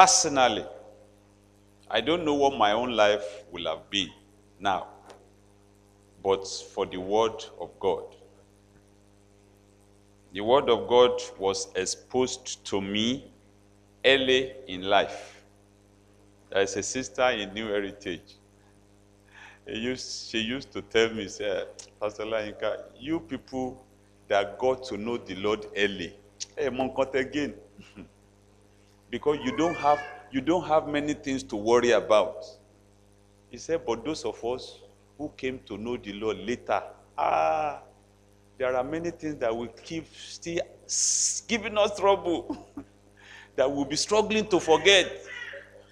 Personally, I don't know what my own life will have been now, but for the Word of God. The Word of God was exposed to me early in life. There is a sister in New Heritage. Used, she used to tell me, say, Pastor Lainka, you people that got to know the Lord early, hey, Monk again. because you don't have you don't have many things to worry about. He said, but those of us who came to know the Lord later, ah, there are many things that will keep still giving us trouble, that we'll be struggling to forget,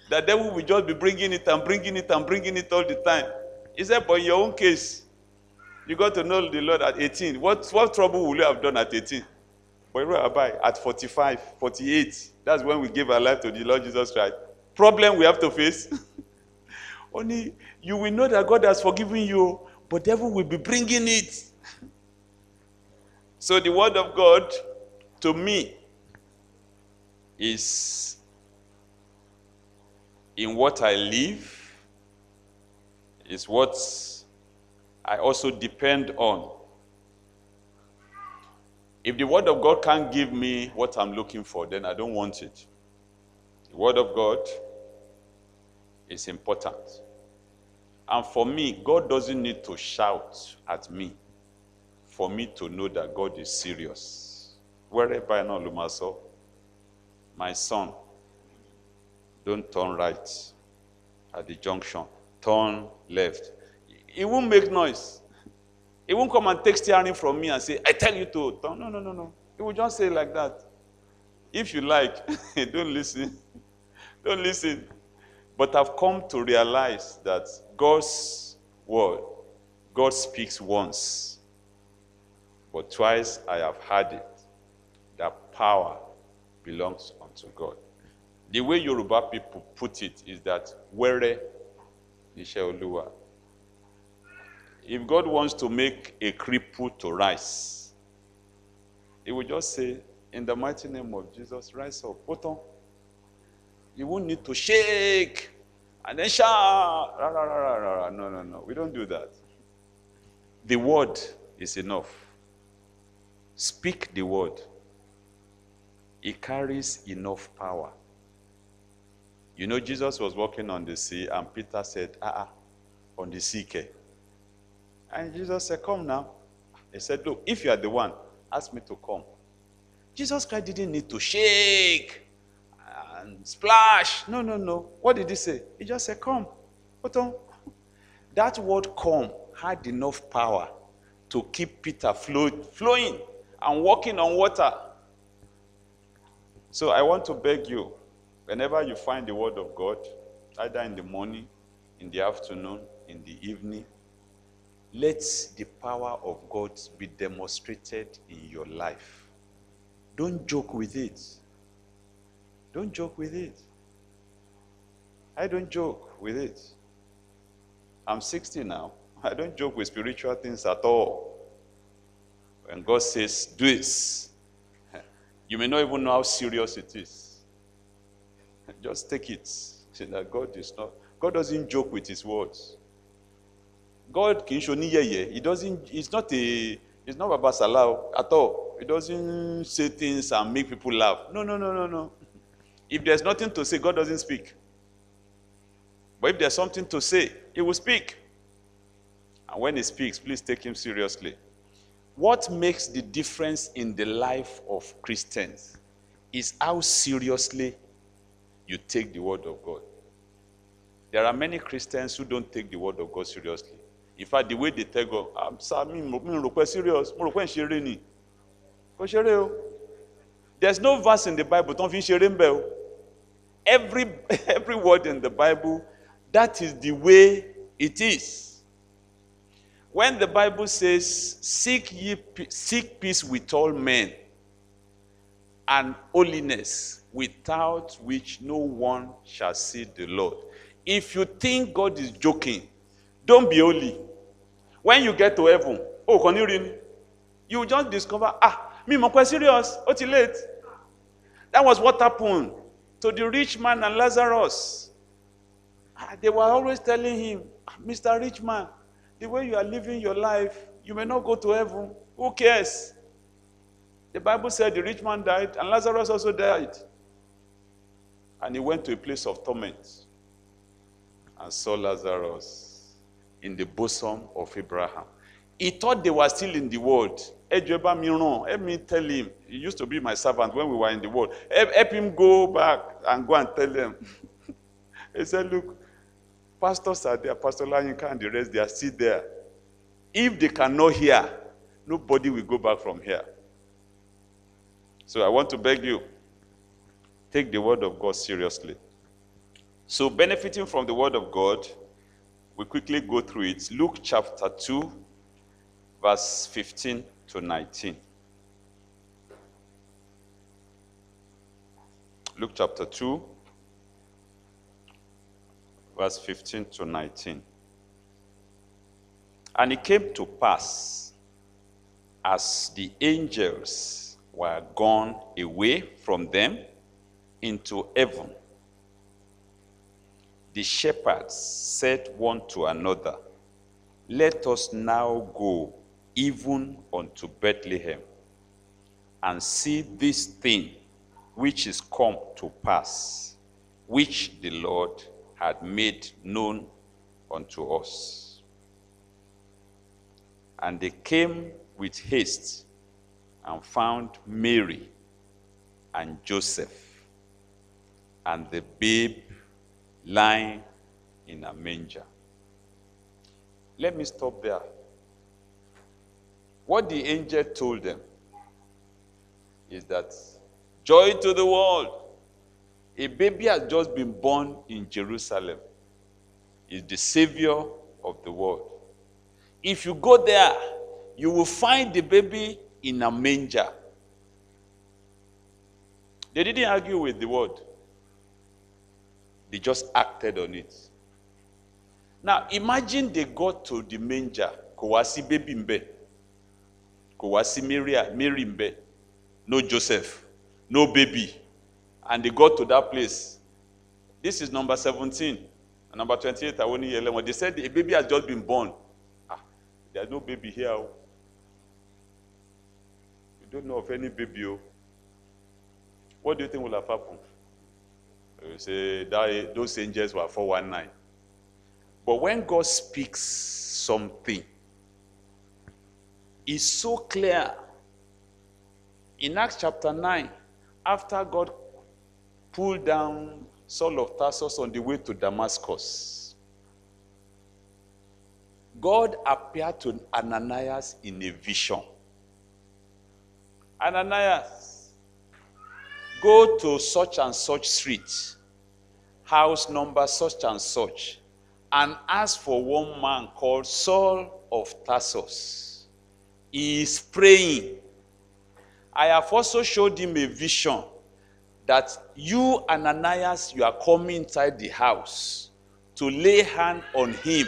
that then we will just be bringing it and bringing it and bringing it all the time. He said, but in your own case, you got to know the Lord at 18. What, what trouble will you have done at 18? For Iru Abai, at 45, 48, that's when we gave our life to the Lord Jesus Christ. Problem we have to face. Only you will know that God has forgiven you, but devil will be bringing it. So the word of God to me is in what I live, is what I also depend on. If the Word of God can't give me what I'm looking for, then I don't want it. The Word of God is important. And for me, God doesn't need to shout at me for me to know that God is serious. Wherever I know Lumaso, my son, don't turn right at the junction, turn left. It won't make noise. He won't come and take steering from me and say, I tell you to. No, no, no, no. He will just say like that. If you like, don't listen. don't listen. But I've come to realize that God's word, God speaks once. But twice I have heard it. That power belongs unto God. The way Yoruba people put it is that where Nisha Oluwa If God wants to make a cripple to rise, He will just say, In the mighty name of Jesus, rise up. Put on. You won't need to shake and then shout. Rah, rah, rah, rah, rah. No, no, no. We don't do that. The word is enough. Speak the word, it carries enough power. You know, Jesus was walking on the sea, and Peter said, Ah, ah on the sea. Care. And Jesus said, Come now. He said, Look, if you are the one, ask me to come. Jesus Christ didn't need to shake and splash. No, no, no. What did he say? He just said, Come. Oton. Um, that word come had enough power to keep Peter flow, flowing and walking on water. So I want to beg you, whenever you find the word of God, either in the morning, in the afternoon, in the evening, Let the power of God be demonstrated in your life. Don't joke with it. Don't joke with it. I don't joke with it. I'm 60 now. I don't joke with spiritual things at all. When God says, do this, you may not even know how serious it is. Just take it. See that God is not, God doesn't joke with his words. God can show ṣe He doesn't, it's not a, it's not Baba Salah at all. He doesn't say things and make people laugh. No, no, no, no, no. If there's nothing to say, God doesn't speak. But if there's something to say, he will speak. And when he speaks, please take him seriously. What makes the difference in the life of Christians is how seriously you take the word of God. There are many Christians who don't take the word of God seriously. in fact the way they tell God ah sir mi mi rò pé serious mo rò pé n ṣeré ni kò ṣeré o there is no verse in the bible tó ń fi ń ṣeré ń o every every word in the bible that is the way it is when the bible says seek ye seek peace with all men and holiness without which no one shall see the lord if you think god is joking don't be holy when you get to heaven oh, kàn ní rí ni you just discover ah mi mọ̀ pé serious ó ti late that was what happened to the rich man and Lazarus ah they were always telling him ah, Mr. Rich Man the way you are living your life you may not go to heaven who cares the Bible said the rich man died and Lazarus also died and he went to a place of torment and saw Lazarus in the bosom of Abraham. He thought they were still in the world. Ẹjọ́ bá help me tell him, he used to be my servant when we were in the world. Help, help him go back and go and tell them. he said, look, pastors are there, Pastor Lanyinka and the rest, they are still there. If they cannot hear, nobody will go back from here. So I want to beg you, take the word of God seriously. So benefiting from the word of God, we quickly go through it. Luke chapter 2, verse 15 to 19. Luke chapter 2, verse 15 to 19. And it came to pass as the angels were gone away from them into heaven the shepherds said one to another, Let us now go even unto Bethlehem and see this thing which is come to pass, which the Lord had made known unto us. And they came with haste and found Mary and Joseph and the babe lying in a manger. Let me stop there. What the angel told them is that joy to the world. A baby has just been born in Jerusalem. Is the savior of the world. If you go there, you will find the baby in a manger. They didn't argue with the word. They just acted on it. Now, imagine they got to the manger. Kò wá sí bébì ń Mary ń No Joseph. No baby. And they got to that place. This is number 17. And number 28, àwọn hear them. They said the baby has just been born. Ah, there is no baby here. Oh. You don't know of any baby. Oh. What do you think will have happened? You say that, those angels were 419. But when God speaks something, it's so clear. In Acts chapter 9, after God pulled down Saul of Tarsus on the way to Damascus, God appeared to Ananias in a vision. Ananias, Go to such and such street, house number such and such, and ask for one man called Saul of Tarsus. He is praying. I have also showed him a vision that you, Ananias, you are coming inside the house to lay hand on him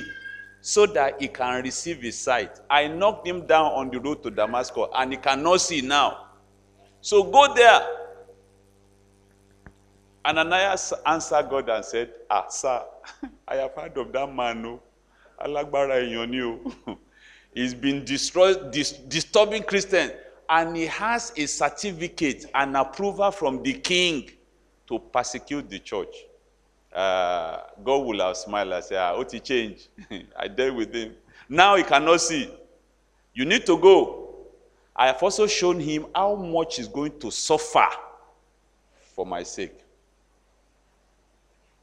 so that he can receive his sight. I knocked him down on the road to Damascus and he cannot see now. So go there Ananias answered God and said, Ah, sir, I have heard of that man, no. Oh. Alágbára èèyàn ni o. He's been destroyed, dis disturbing Christians, and he has a certificate, an approval from the king to persecute the church. Uh, God will have smiled and said, Ah, ó change. I dealt with him. Now he cannot see. You need to go. I have also shown him how much he's going to suffer for my sake.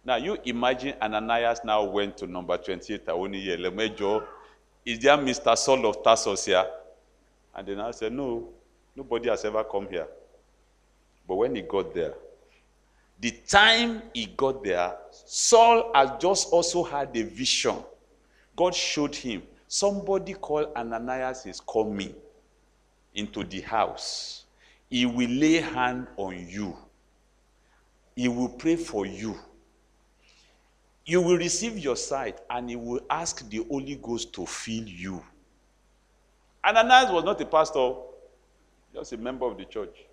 Now you imagine Ananias now went to number 28 Awoniyele Mejo. Is there Mr. Saul of Tarsus here? And then I said, No, nobody has ever come here. But when he got there, the time he got there, Saul had just also had a vision. God showed him somebody called Ananias is coming into the house. He will lay hand on you. He will pray for you You will receive your sight, and he will ask the Holy Ghost to fill you. Ananias was not a pastor, just a member of the church.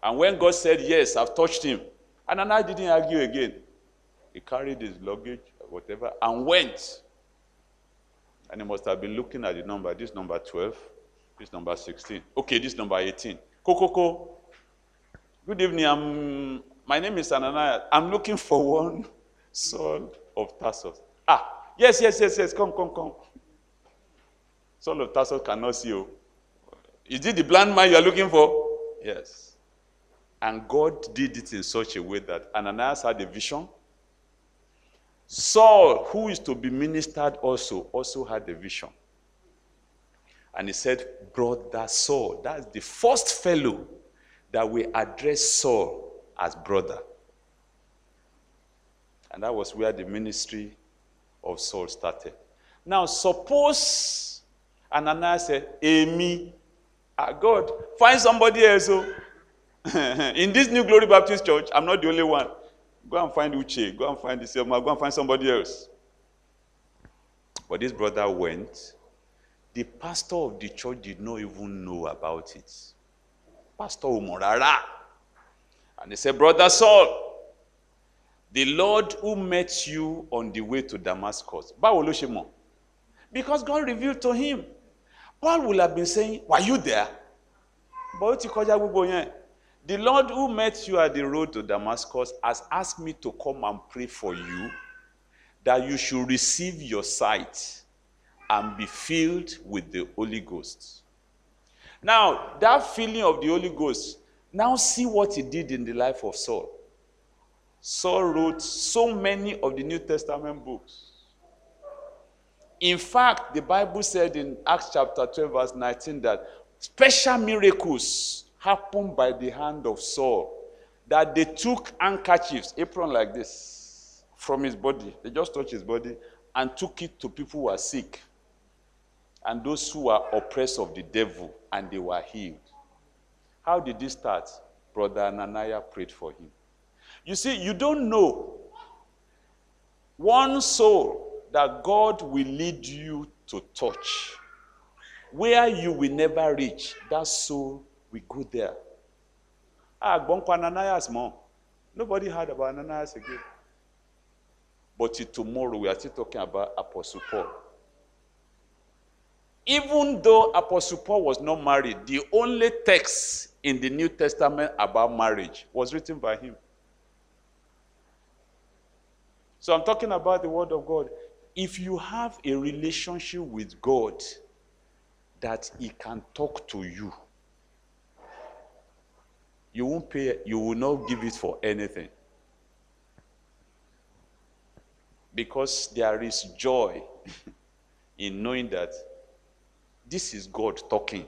And when God said, Yes, I've touched him, Ananias didn't argue again. He carried his luggage, whatever, and went. And he must have been looking at the number. This number 12, this number 16. Okay, this number 18. Kokoko. Good evening. I'm, my name is Ananias. I'm looking for one Saul of Tarsus. Ah, yes, yes, yes, yes, come, come, come. Saul of Tarsus cannot see you. Oh. Is it the blind man you are looking for? Yes. And God did it in such a way that Ananias had a vision. Saul, who is to be ministered also, also had a vision. And he said, Brother Saul. That's the first fellow that we address Saul as brother. And that was where the ministry of Saul started. Now, suppose Ananias said, Amy, ah, God, find somebody else. Oh. In this new Glory Baptist Church, I'm not the only one. Go and find Uche, go and find Iselma, go and find somebody else. But this brother went. The pastor of the church did not even know about it. Pastor Umorara. And he said, Brother Saul, the Lord who met you on the way to Damascus. Báwo ló ṣe mọ̀? Because God revealed to him. Paul will have been saying, were you there? But ó ti kọjá gbogbo yẹn. The Lord who met you at the road to Damascus has asked me to come and pray for you that you should receive your sight and be filled with the Holy Ghost. Now, that feeling of the Holy Ghost, now see what he did in the life of Saul. Saul wrote so many of the New Testament books. In fact, the Bible said in Acts chapter 12, verse 19, that special miracles happened by the hand of Saul. That they took handkerchiefs, apron like this, from his body. They just touched his body and took it to people who are sick and those who are oppressed of the devil, and they were healed. How did this start? Brother Ananiah prayed for him. You see, you don't know one soul that God will lead you to touch. Where you will never reach, that soul will go there. Ah, Bonko Ananias, mom. Nobody heard about Ananias again. But tomorrow we are still talking about Apostle Paul. Even though Apostle Paul was not married, the only text in the New Testament about marriage was written by him. So I'm talking about the Word of God. If you have a relationship with God that He can talk to you, you won't pay, you will not give it for anything. Because there is joy in knowing that this is God talking.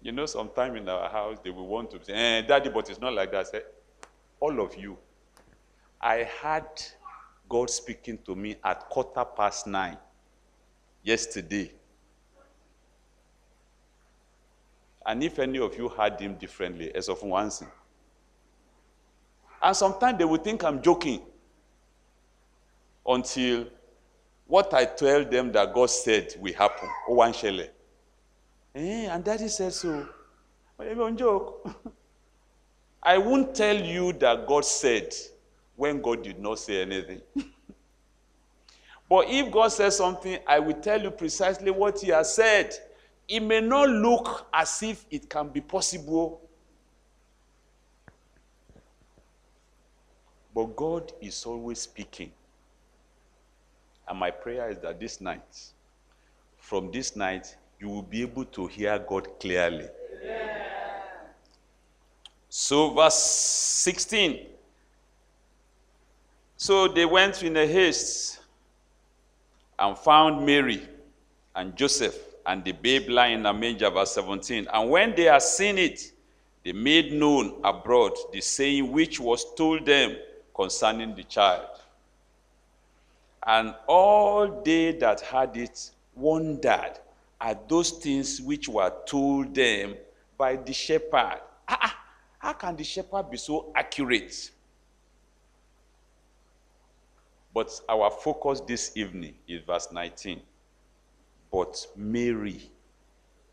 You know, sometimes in our house, they will want to say, eh, Daddy, but it's not like that. Say, all of you, I had God speaking to me at quarter past nine yesterday. And if any of you heard him differently, as of once. And sometimes they will think I'm joking until what I tell them that God said will happen. Oh, one shele. Eh, and daddy said so. But you don't joke. I won't tell you that God said when God did not say anything. but if God says something, I will tell you precisely what He has said. It may not look as if it can be possible, but God is always speaking. And my prayer is that this night, from this night, you will be able to hear God clearly. Yeah. So, verse 16. So they went in a haste and found Mary and Joseph and the babe lying in a manger, verse 17. And when they had seen it, they made known abroad the saying which was told them concerning the child. And all they that heard it wondered at those things which were told them by the shepherd. Ah, ah how can the shepherd be so accurate? But our focus this evening is verse 19. But Mary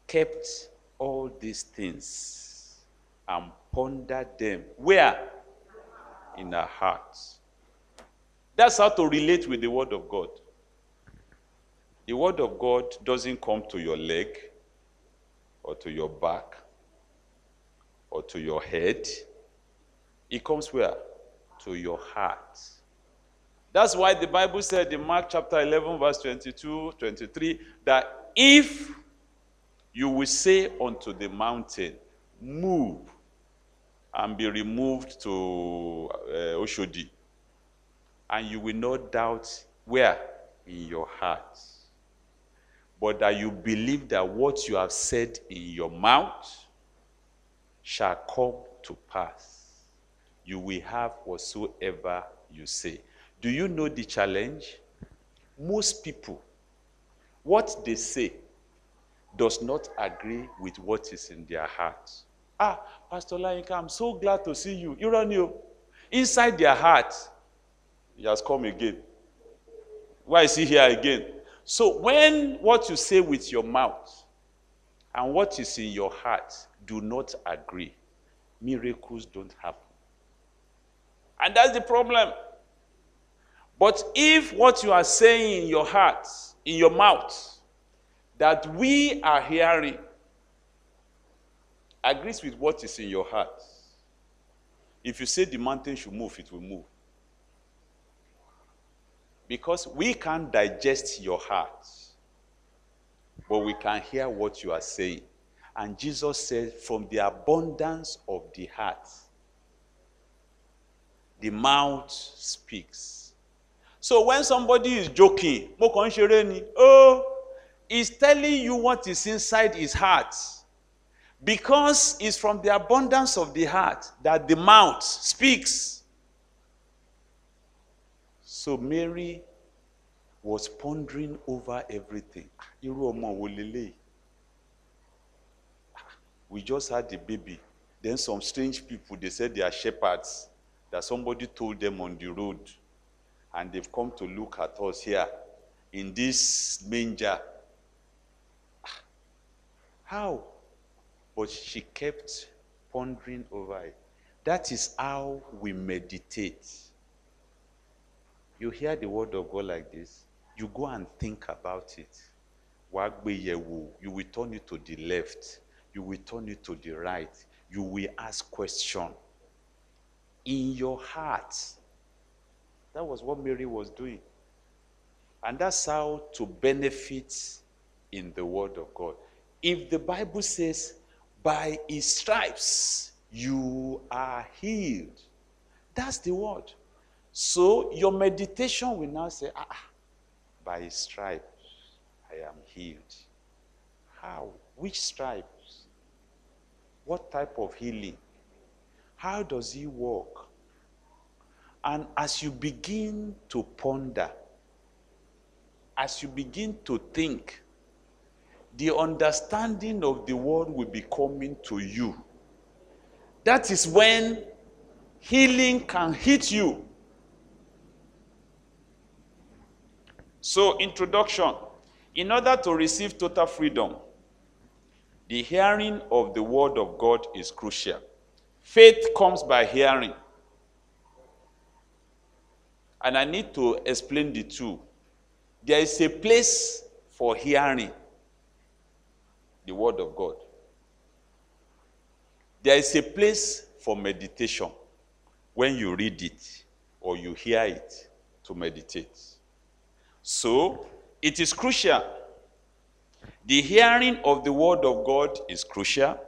kept all these things and pondered them. Where? In her heart. That's how to relate with the Word of God. The Word of God doesn't come to your leg or to your back or to your head. It comes where? To your heart. That's why the Bible said in Mark chapter 11, verse 22, 23, that if you will say unto the mountain, move and be removed to uh, Oshodi, and you will not doubt where? In your heart. But that you believe that what you have said in your mouth shall come to pass. You will have whatsoever you say. Do you know the challenge? Most people, what they say does not agree with what is in their heart. Ah, Pastor Lainka, I'm so glad to see you. You're on you. Inside their heart, he has come again. Why is he here again? So when what you say with your mouth and what is in your heart do not agree, miracles don't happen. And that's the problem. But if what you are saying in your heart, in your mouth, that we are hearing, agrees with what is in your heart, if you say the mountain should move, it will move. Because we can't digest your heart, but we can hear what you are saying. And Jesus said, from the abundance of the heart, the mouth speaks. So when somebody is joking, mo kàn ṣeré ni, oh, is telling you what is inside his heart. Because it's from the abundance of the heart that the mouth speaks. So Mary was pondering over everything. Irú ọmọ wo leléyìí? We just had the baby. Then some strange people, they said they are shepherds that somebody told them on the road and they've come to look at us here in this manger. How? But she kept pondering over it. That is how we meditate. You hear the word of God like this, you go and think about it. You will turn it to the left, you will turn it to the right, you will ask question. In your heart, That was what Mary was doing. And that's how to benefit in the Word of God. If the Bible says, by His stripes you are healed, that's the Word. So your meditation will now say, ah, ah by His stripes I am healed. How? Which stripes? What type of healing? How does He work? And as you begin to ponder, as you begin to think, the understanding of the word will be coming to you. That is when healing can hit you. So, introduction. In order to receive total freedom, the hearing of the word of God is crucial. Faith comes by hearing. And I need to explain the two. There is a place for hearing the word of God. There is a place for meditation when you read it or you hear it to meditate. So, it is crucial. The hearing of the word of God is crucial.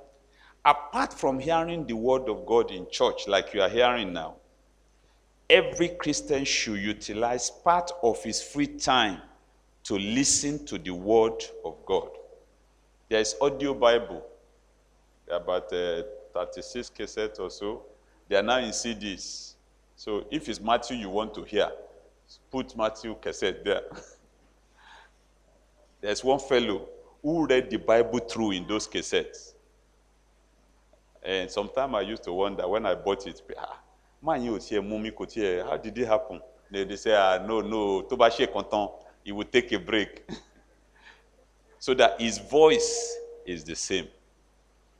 Apart from hearing the word of God in church, like you are hearing now, every Christian should utilize part of his free time to listen to the Word of God. There is audio Bible, about uh, 36 cassettes or so. They are now in CDs. So if it's Matthew you want to hear, put Matthew cassette there. There's one fellow who read the Bible through in those cassettes. And sometimes I used to wonder when I bought it, ah, máa yín ò tiẹ̀ mú mi kò tiẹ̀ how did it happen they dey say ah no no tó bá ṣe kan tán he will take a break so that his voice is the same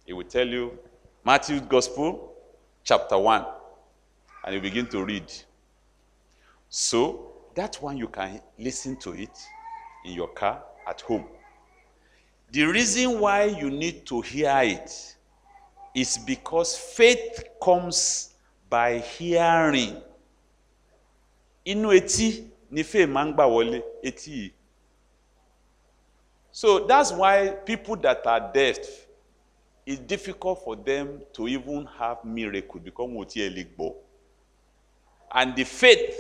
he will tell you Matthew Gospel chapter one and you begin to read so that one you can listen to it in your car at home the reason why you need to hear it is because faith comes by hearing inú etí ni faith máa ń gbà wọlé etí yìí so that's why people that are deaf it's difficult for them to even have miracle because wọn ò tiẹ̀ lè gbọ́ and the faith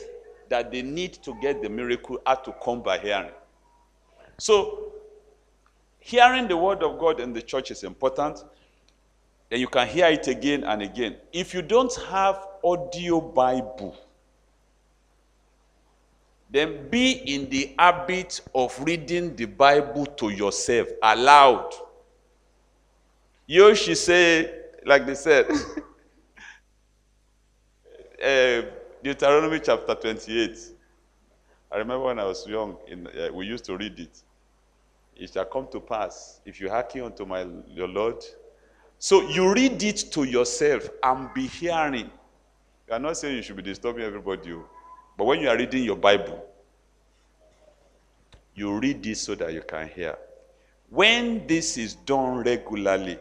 that they need to get the miracle had to come by hearing so hearing the word of God in the church is important Then you can hear it again and again. If you don't have audio Bible, then be in the habit of reading the Bible to yourself aloud. You should say, like they said, uh, Deuteronomy chapter 28. I remember when I was young, in, uh, we used to read it. It shall come to pass if you hearken unto my, your Lord So you read it to yourself and be hearing. I'm not saying you should be disturbing everybody, but when you are reading your Bible, you read this so that you can hear. When this is done regularly,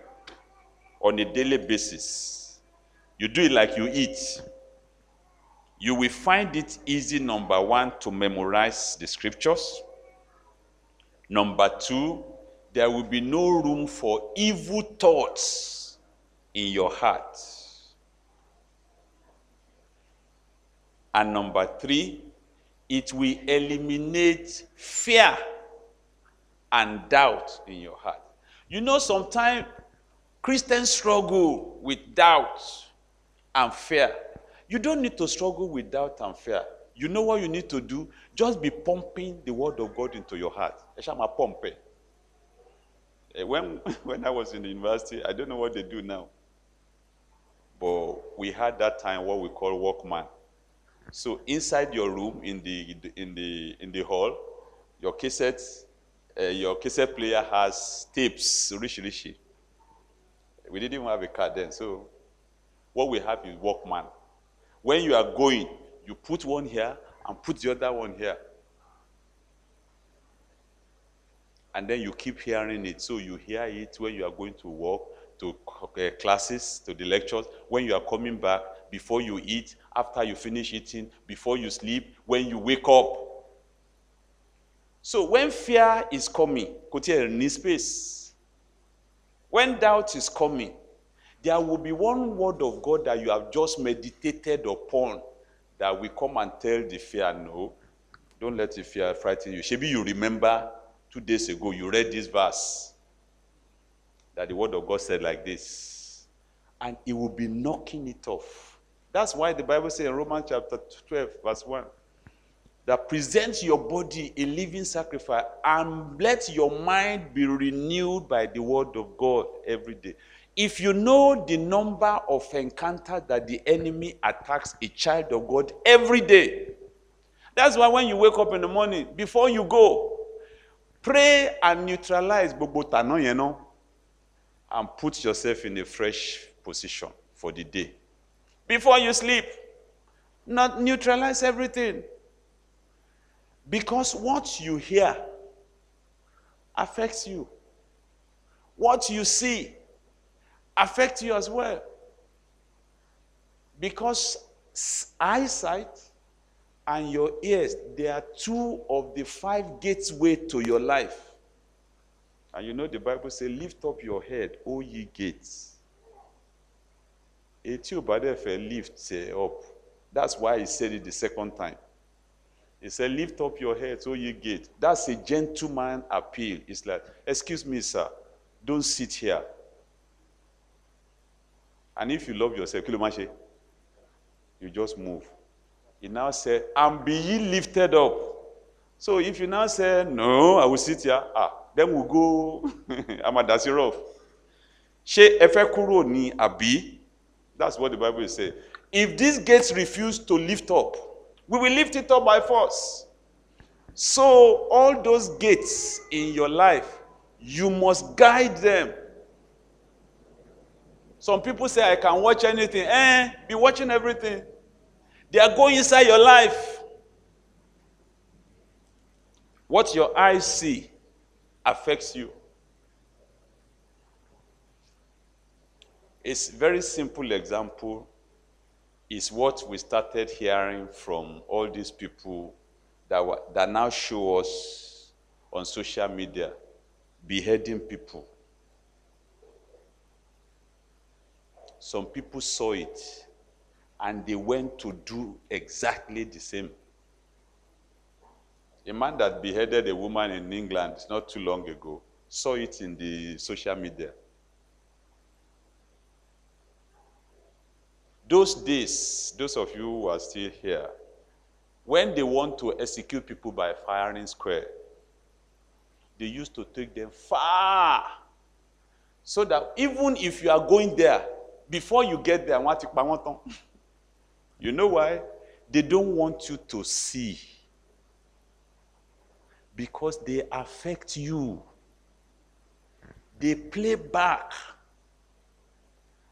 on a daily basis, you do it like you eat, you will find it easy, number one, to memorize the scriptures. Number two, there will be no room for evil thoughts in your heart. And number three, it will eliminate fear and doubt in your heart. You know, sometimes Christians struggle with doubt and fear. You don't need to struggle with doubt and fear. You know what you need to do? Just be pumping the word of God into your heart. Ẹ ṣáà máa pump ẹ̀. Eh, when, when I was in the university, I don't know what they do now. But we had that time what we call Walkman. So inside your room in the in the in the hall, your cassette, uh, your cassette player has tapes, Rishi Rishi. We didn't even have a car then, so what we have is Walkman. When you are going, you put one here and put the other one here. and then you keep hearing it. So you hear it when you are going to work, to uh, classes, to the lectures, when you are coming back, before you eat, after you finish eating, before you sleep, when you wake up. So when fear is coming, could in this space. When doubt is coming, there will be one word of God that you have just meditated upon that will come and tell the fear, no, don't let the fear frighten you. Maybe you remember two days ago, you read this verse that the word of God said like this, and it will be knocking it off. That's why the Bible says in Romans chapter 12, verse 1, that present your body a living sacrifice and let your mind be renewed by the word of God every day. If you know the number of encounters that the enemy attacks a child of God every day, that's why when you wake up in the morning, before you go, pray and neutralize gbogbo tàná yẹn náà and put yourself in a fresh position for the day before you sleep not neutralize everything because what you hear affects you what you see affects you as well because eyesight and your ears, they are two of the five gateway to your life. And you know the Bible says, Lift up your head, O ye gates. Etí ò bá dẹ̀ fẹ́ lift up. That's why he said it the second time. He said, Lift up your head, O ye gate. That's a gentleman appeal. It's like, Excuse me, sir, don't sit here. And if you love yourself, You just move. He now said, And be ye lifted up. So if you now say, No, I will sit here, ah, then we'll go. I'm a dasi rough. Ṣé ẹ fẹ́ kúrò That's what the Bible is saying. If these gates refuse to lift up, we will lift it up by force. So all those gates in your life, you must guide them. Some people say, I can watch anything. Eh, be watching everything. They are going inside your life. What your eyes see affects you. A very simple example is what we started hearing from all these people that, were, that now show us on social media beheading people. Some people saw it and they went to do exactly the same. A man that beheaded a woman in England not too long ago saw it in the social media. Those days, those of you who are still here, when they want to execute people by firing square, they used to take them far. So that even if you are going there, before you get there, I want to You know why? They don't want you to see because they affect you. They play back.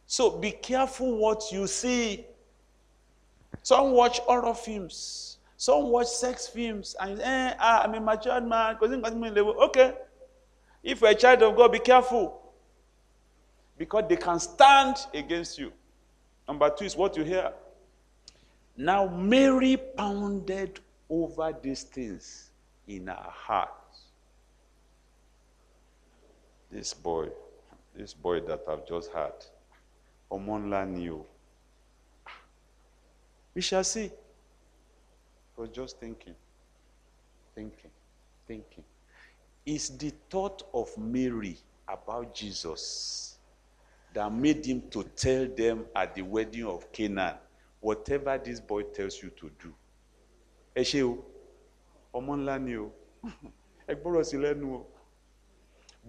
So be careful what you see. Some watch horror films. Some watch sex films. And eh, ah, I'm a matured man. Okay. If you're a child of God, be careful. Because they can stand against you. Number two is what you hear. Now, Mary pounded over these things in her heart. This boy, this boy that I've just had, Omonla knew. We shall see. I just thinking, thinking, thinking. It's the thought of Mary about Jesus that made him to tell them at the wedding of Canaan whatever this boy tells you to do ẹ ṣe o ọmọ ńlá ni o ẹ gbọ́rọ̀ sí lẹ́nu o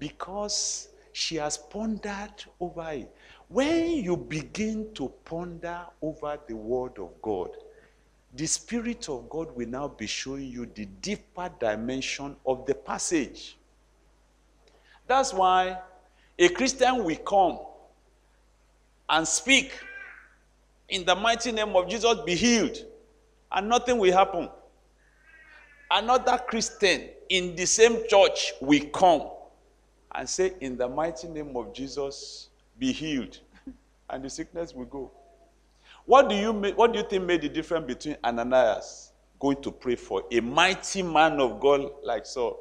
because she has pondered over it when you begin to ponder over the word of God the spirit of God will now be showing you the deeper dimension of the passage that's why a Christian will come and speak in the mighty name of Jesus, be healed. And nothing will happen. Another Christian in the same church will come and say, In the mighty name of Jesus, be healed. And the sickness will go. What do you, what do you think made the difference between Ananias going to pray for a mighty man of God like Saul?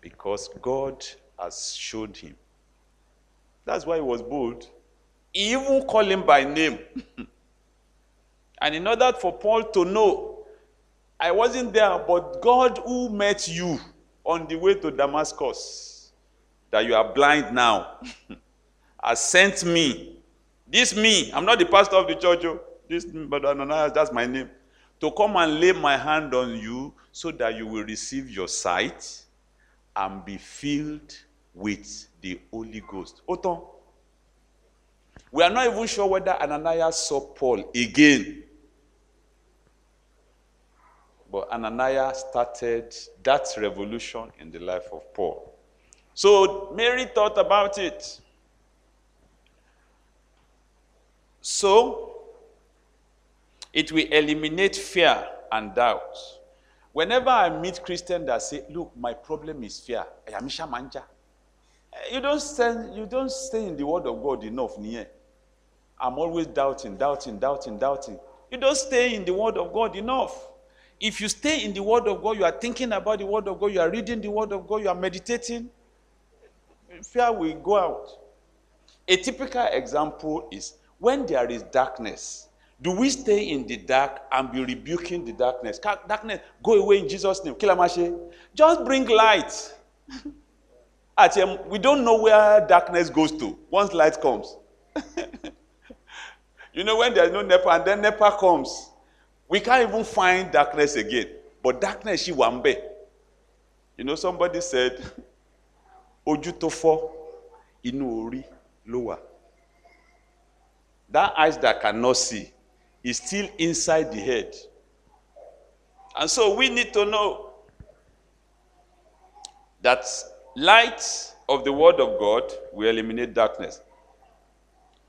Because God has showed him. That's why he was bold. He even called him by name. and in order for Paul to know, I wasn't there, but God who met you on the way to Damascus, that you are blind now, has sent me. This me, I'm not the pastor of the church, this, but that's my name. To come and lay my hand on you so that you will receive your sight and be filled with the Holy Ghost. Oton. We are not even sure whether Ananias saw Paul again. But Ananias started that revolution in the life of Paul. So Mary thought about it. So it will eliminate fear and doubt. Whenever I meet Christians that say, Look, my problem is fear, I am Manja. You don't, stand, you don't stay in the word of God enough near. I'm always doubting, doubting, doubting, doubting. You don't stay in the Word of God enough. If you stay in the Word of God, you are thinking about the Word of God, you are reading the Word of God, you are meditating, fear will go out. A typical example is when there is darkness, do we stay in the dark and be rebuking the darkness? Darkness, go away in Jesus' name. Kilamashe. Just bring light. At, um, we don't know where darkness goes to once light comes. You know, when there's no NEPA and then NEPA comes, we can't even find darkness again. But darkness, she wambe. You know, somebody said, Oju tofo, inu ori, lower. That eyes that cannot see is still inside the head. And so we need to know that light of the word of God will eliminate darkness.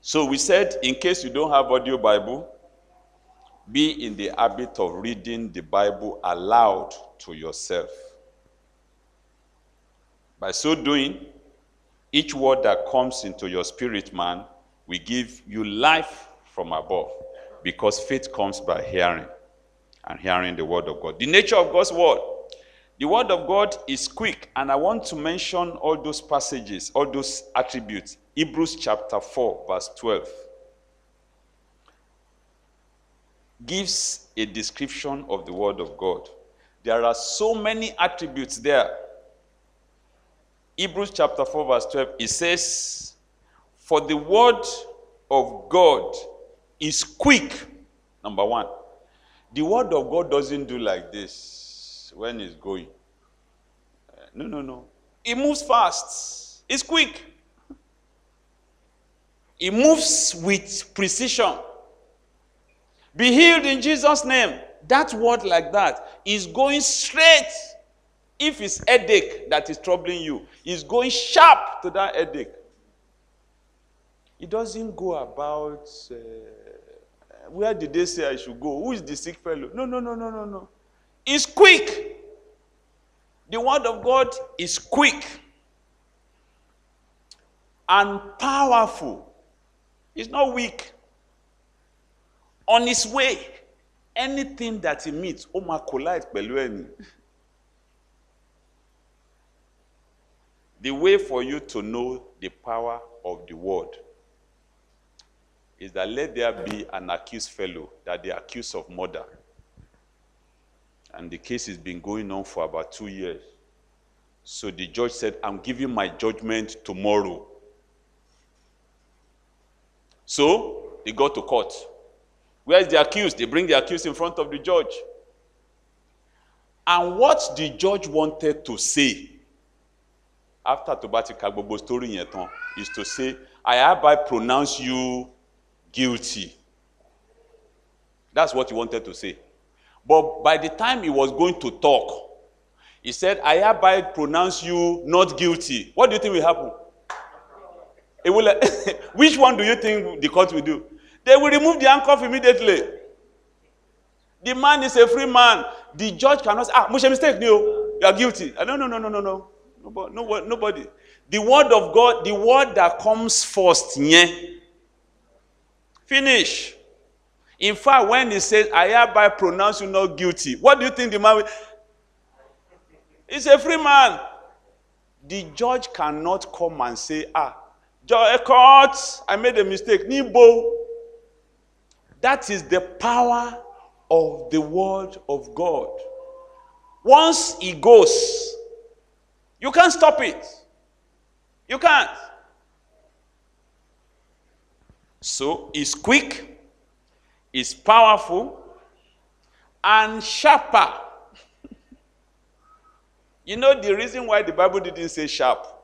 So we said, in case you don't have audio Bible, be in the habit of reading the Bible aloud to yourself. By so doing, each word that comes into your spirit man will give you life from above because faith comes by hearing and hearing the word of God. The nature of God's word. The word of God is quick, and I want to mention all those passages, all those attributes Hebrews chapter 4, verse 12, gives a description of the Word of God. There are so many attributes there. Hebrews chapter 4, verse 12, it says, For the Word of God is quick, number one. The Word of God doesn't do like this when it's going. No, no, no. It moves fast, it's quick. He moves with precision. Be healed in Jesus' name. That word like that is going straight. If it's headache that is troubling you, it's going sharp to that headache. It doesn't go about uh, where did they say I should go? Who is the sick fellow? No, no, no, no, no, no. It's quick. The word of God is quick and powerful He's not weak. On his way, anything that he meets, ó máa collide pẹ̀lú ẹni. The way for you to know the power of the word is that let there be an accused fellow that they accuse of murder. And the case has been going on for about two years. So the judge said, I'm giving my judgment tomorrow. So they go to court. Where is the accused? They bring the accused in front of the judge. And what the judge wanted to say after tó bá ti story is to say I hereby pronounce you guilty. That's what he wanted to say. But by the time he was going to talk, he said, I hereby pronounce you not guilty. What do you think will happen? will, which one do you think the court will do? They will remove the handcuff immediately. The man is a free man. The judge cannot say, ah, Moshe mistake, no, you are guilty. Ah, no, no, no, no, no, no. Nobody, nobody. The word of God, the word that comes first, yeah. Finish. In fact, when he says, I hereby pronounce you not guilty, what do you think the man will? He's a free man. The judge cannot come and say, ah, courts, I made a mistake. Nibo. That is the power of the word of God. Once it goes, you can't stop it. You can't. So it's quick, it's powerful, and sharper. you know the reason why the Bible didn't say sharp?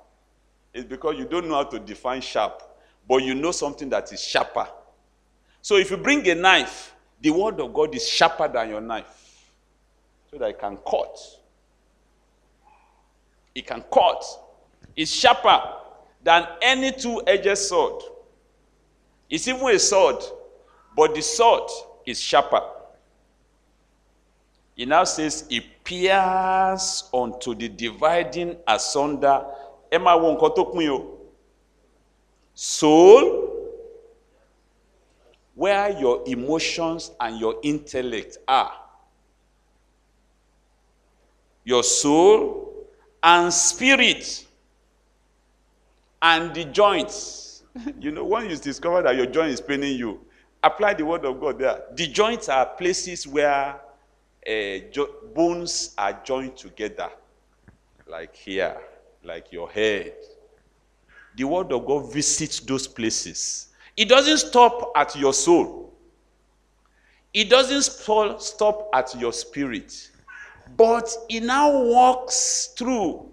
It's because you don't know how to define sharp, but you know something that is sharper. So if you bring a knife, the word of God is sharper than your knife, so that it can cut. It can cut. It's sharper than any two edged sword. It's even a sword, but the sword is sharper. He now says, It pierces unto the dividing asunder ẹ máa wo nǹkan tó pín o soul where your emotions and your intellect are your soul and spirit and the joints you know once you discover that your joint is paining you apply the word of God there the joints are places where uh, bones are joined together like here like your head. The word of God visits those places. It doesn't stop at your soul, it doesn't stop at your spirit, but it now walks through.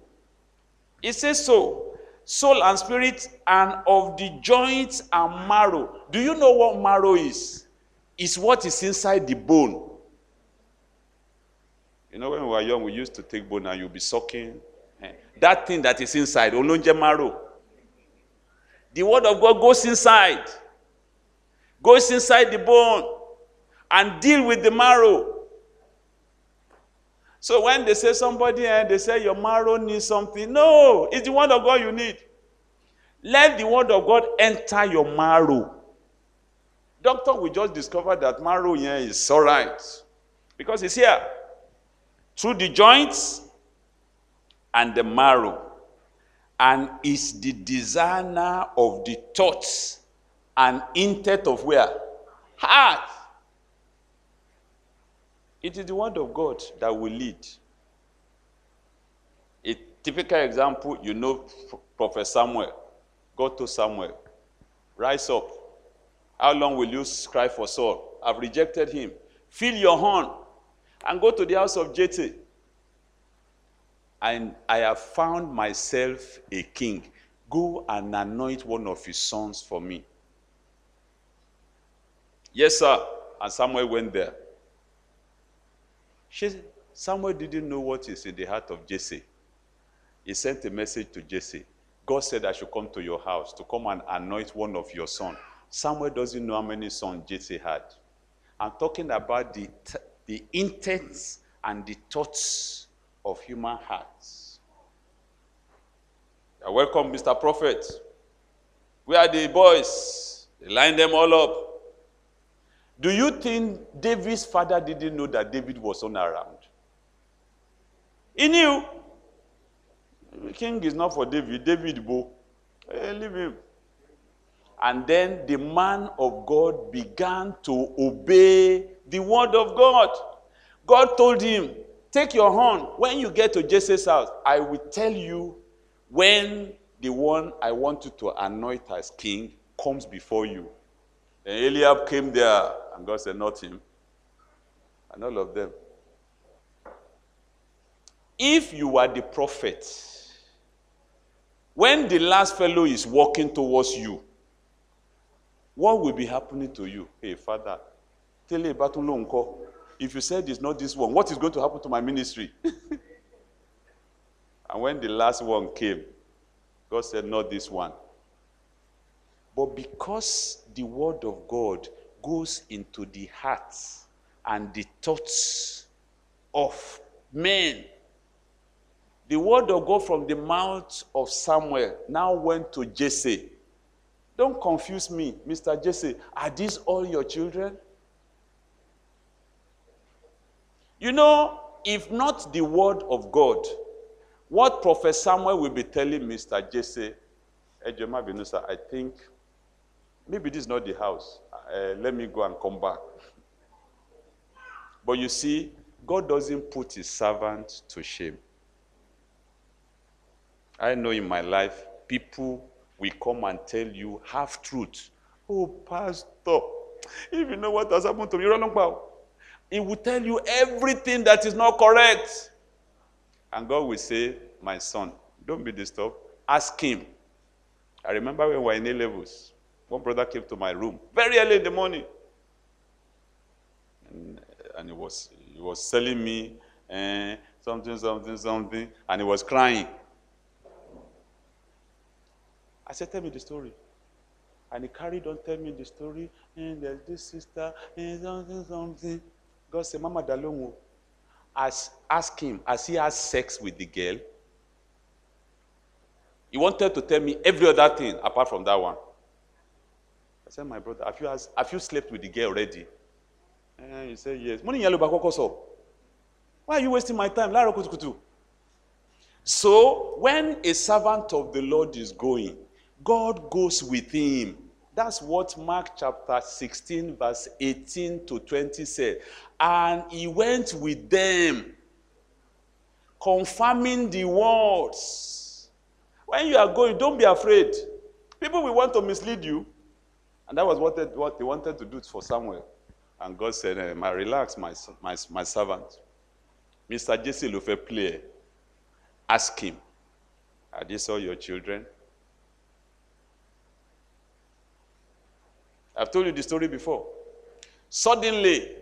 It says so soul and spirit, and of the joints and marrow. Do you know what marrow is? It's what is inside the bone. You know, when we were young, we used to take bone and you'll be sucking that thing that is inside òun ló marrow the word of God goes inside goes inside the bone and deal with the marrow so when they say somebody and eh, they say your marrow needs something no it's the word of God you need let the word of God enter your marrow doctor we just discovered that marrow here is all right because it's here through the joints and the marrow, and is the designer of the thoughts and intent of where? Heart. It is the word of God that will lead. A typical example, you know, Prophet Samuel. Go to Samuel. Rise up. How long will you cry for Saul? I've rejected him. Fill your horn and go to the house of Jethro. and I have found myself a king. Go and anoint one of his sons for me. Yes, sir. And Samuel went there. She, Samuel didn't know what is in the heart of Jesse. He sent a message to Jesse. God said, I should come to your house to come and anoint one of your sons. Samuel doesn't know how many sons Jesse had. I'm talking about the, the intents and the thoughts of human hearts. I welcome Mr. Prophet. Where are the boys? They line them all up. Do you think David's father didn't know that David was on around? He knew. The king is not for David. David, bo. Hey, eh, leave him. And then the man of God began to obey the word of God. God told him, Take your horn. When you get to Jesus' house, I will tell you when the one I want you to anoint as king comes before you. And Eliab came there, and God said, Not him. And all of them. If you are the prophet, when the last fellow is walking towards you, what will be happening to you? Hey, Father, tell me about if you said it's not this one, what is going to happen to my ministry? and when the last one came, God said, Not this one. But because the word of God goes into the hearts and the thoughts of men, the word of God from the mouth of Samuel now went to Jesse. Don't confuse me, Mr. Jesse. Are these all your children? You know, if not the word of God, what Prophet Samuel will be telling Mr. Jesse, Ejema Benusa, I think maybe this is not the house. Uh, let me go and come back. But you see, God doesn't put his servant to shame. I know in my life, people will come and tell you half truth. Oh, Pastor, if you know what has happened to me, you're wrong about. He will tell you everything that is not correct. And God will say, My son, don't be disturbed. Ask him. I remember when we were in A levels, one brother came to my room very early in the morning. And, uh, and he, was, he was telling me eh, something, something, something, and he was crying. I said, Tell me the story. And he carried on telling me the story. And eh, there's this sister, and eh, something, something. God said, Mama Dalongo, oh, as, ask him, as he has sex with the girl? He wanted to tell me every other thing apart from that one. I said, My brother, have you, has, have you slept with the girl already? And eh, he said, Yes. Morning, Yalo Bakokoso. Why are you wasting my time? Lara Kutukutu. So, when a servant of the Lord is going, God goes with him. That's what Mark chapter 16, verse 18 to 20 said. And he went with them, confirming the words. When you are going, don't be afraid. People will want to mislead you. And that was what they, what they wanted to do for Samuel. And God said, hey, eh, my, Relax, my, my, my servant. Mr. Jesse Lufe, play. Ask him, Are these all your children? I've told you the story before. Suddenly,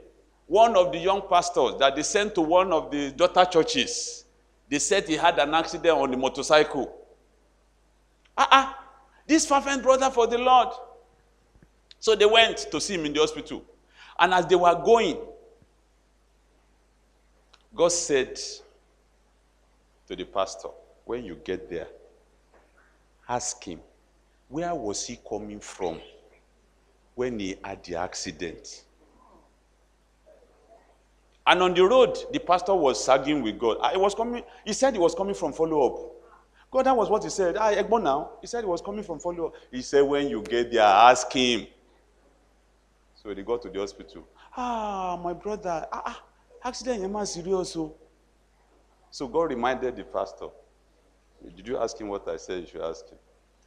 one of the young pastors that they sent to one of the daughter churches, they said he had an accident on the motorcycle. Ah, ah, this fervent brother for the Lord. So they went to see him in the hospital. And as they were going, God said to the pastor, When you get there, ask him, Where was he coming from? when he had the accident. And on the road, the pastor was sagging with God. I ah, was coming, he said he was coming from follow-up. God, that was what he said. Ah, Egbo now. He said he was coming from follow-up. He said, when you get there, ask him. So they got to the hospital. Ah, my brother, ah, ah accident yẹn máa serious o. So God reminded the pastor. Did you ask him what I said you should ask him?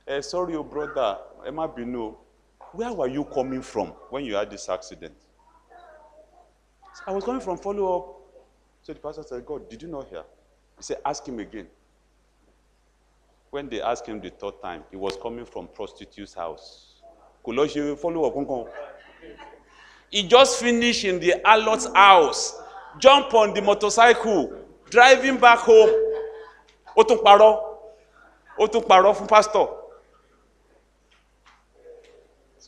Eh, sorry your brother, ẹ má bínú o where were you coming from when you had this accident? So I was coming from follow up. So the pastor said, God, did you not hear? He said, Ask him again. When they asked him the third time, he was coming from prostitute's house. Kò follow up kankan. He just finished in the allot's house, jump on the motorcycle, driving back home. Ó tún parọ́. Ó tún pastor.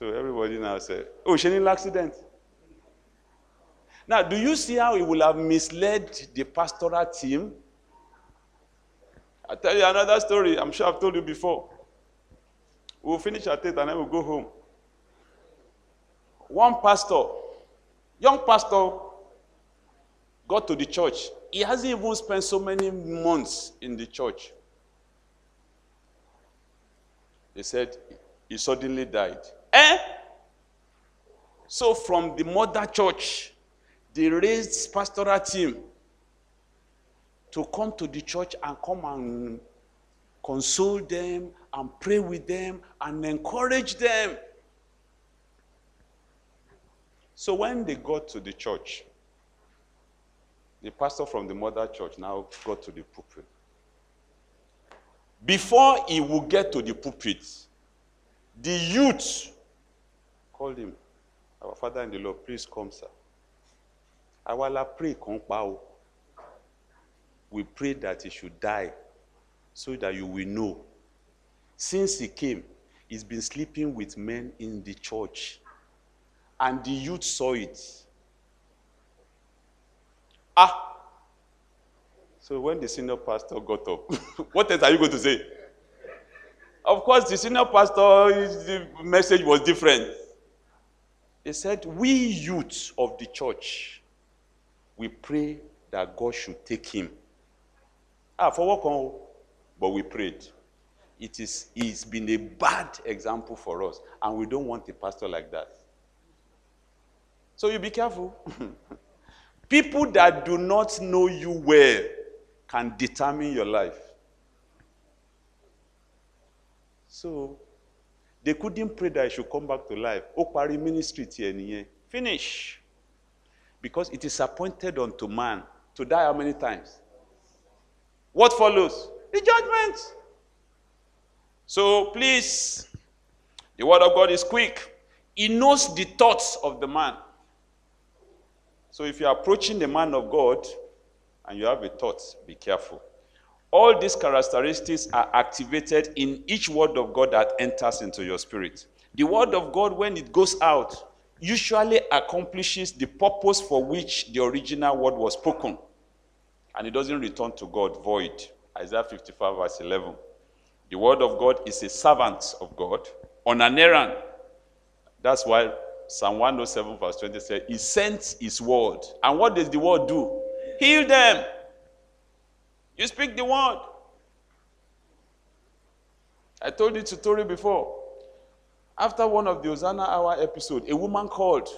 So everybody now said, oh, she didn't accident. Now, do you see how it will have misled the pastoral team? I'll tell you another story. I'm sure I've told you before. We'll finish our tape, and then we'll go home. One pastor, young pastor, got to the church. He hasn't even spent so many months in the church. He said he suddenly died. Eh? So from the mother church, they raised pastoral team to come to the church and come and console them and pray with them and encourage them. So when they got to the church, the pastor from the mother church now got to the pulpit. Before he would get to the pulpit, the youth called him our father in the Lord please come sir àwa la pray kan pa o we pray that he should die so that you will know since he came he's been sleeping with men in the church and the youth saw it ah so when the senior pastor got up what else are you going to say of course the senior pastor the message was different They said, We youths of the church, we pray that God should take him. Ah, for what on? But we prayed. It is, it's been a bad example for us, and we don't want a pastor like that. So you be careful. People that do not know you well can determine your life. So they couldn't pray that I should come back to life ó parí ministry tiẹ̀ nìyẹn finish because it is appointed unto man to die how many times what follows the judgment so please the word of God is quick he knows the thoughts of the man so if you are approaching the man of God and you have a thought be careful All these characteristics are activated in each word of God that enters into your spirit. The word of God, when it goes out, usually accomplishes the purpose for which the original word was spoken. And it doesn't return to God void. Isaiah 55, verse 11. The word of God is a servant of God on an errand. That's why Psalm 107, verse 20 says, He sent His word. And what does the word do? Heal them. You speak the word. I told you the story before. After one of the Hosanna Hour episode, a woman called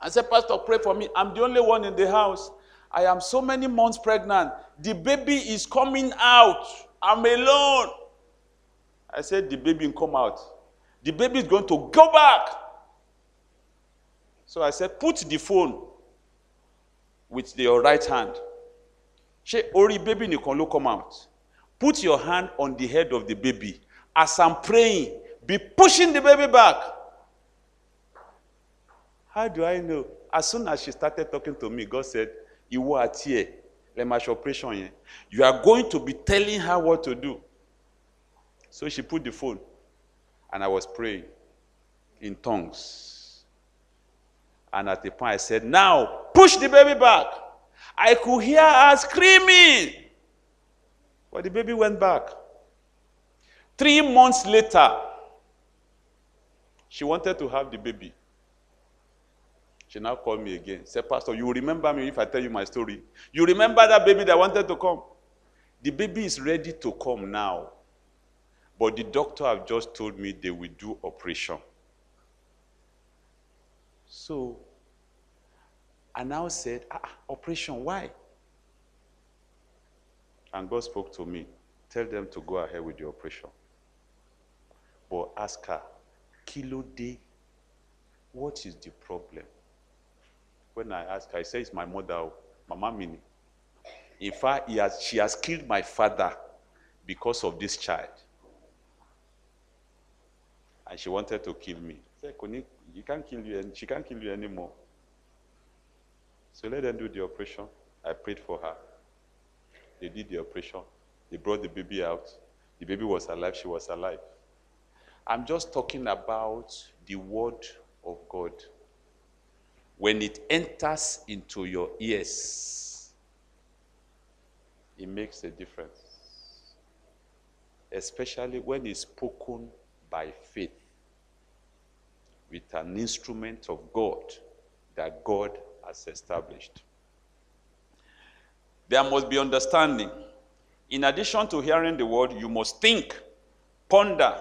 and said, Pastor, pray for me. I'm the only one in the house. I am so many months pregnant. The baby is coming out. I'm alone. I said, The baby will come out. The baby is going to go back. So I said, Put the phone with your right hand. ṣé orí baby nìkan ló come out put your hand on the head of the baby as i'm praying be pushing the baby back how do i know as soon as she started talking to me god said "Iwo àti ẹ lè máa operation yẹn you are going to be telling her what to do so she put the phone and i was praying in tongues and at the point i said now push the baby back. I could hear her screaming. But the baby went back. Three months later, she wanted to have the baby. She now called me again. Said, Pastor, you remember me if I tell you my story. You remember that baby that wanted to come? The baby is ready to come now. But the doctor have just told me they will do operation. So And now said, ah, ah, operation, why? And God spoke to me, tell them to go ahead with the operation. But ask her, Kilo Day, what is the problem? When I ask her, I say, it's my mother, Mama Mini. In fact, has, she has killed my father because of this child. And she wanted to kill me. I said, you can't kill you, and she can't kill you anymore. So let them do the operation. I prayed for her. They did the operation. They brought the baby out. The baby was alive. She was alive. I'm just talking about the word of God. When it enters into your ears, it makes a difference. Especially when it's spoken by faith with an instrument of God that God has established. There must be understanding. In addition to hearing the word, you must think, ponder,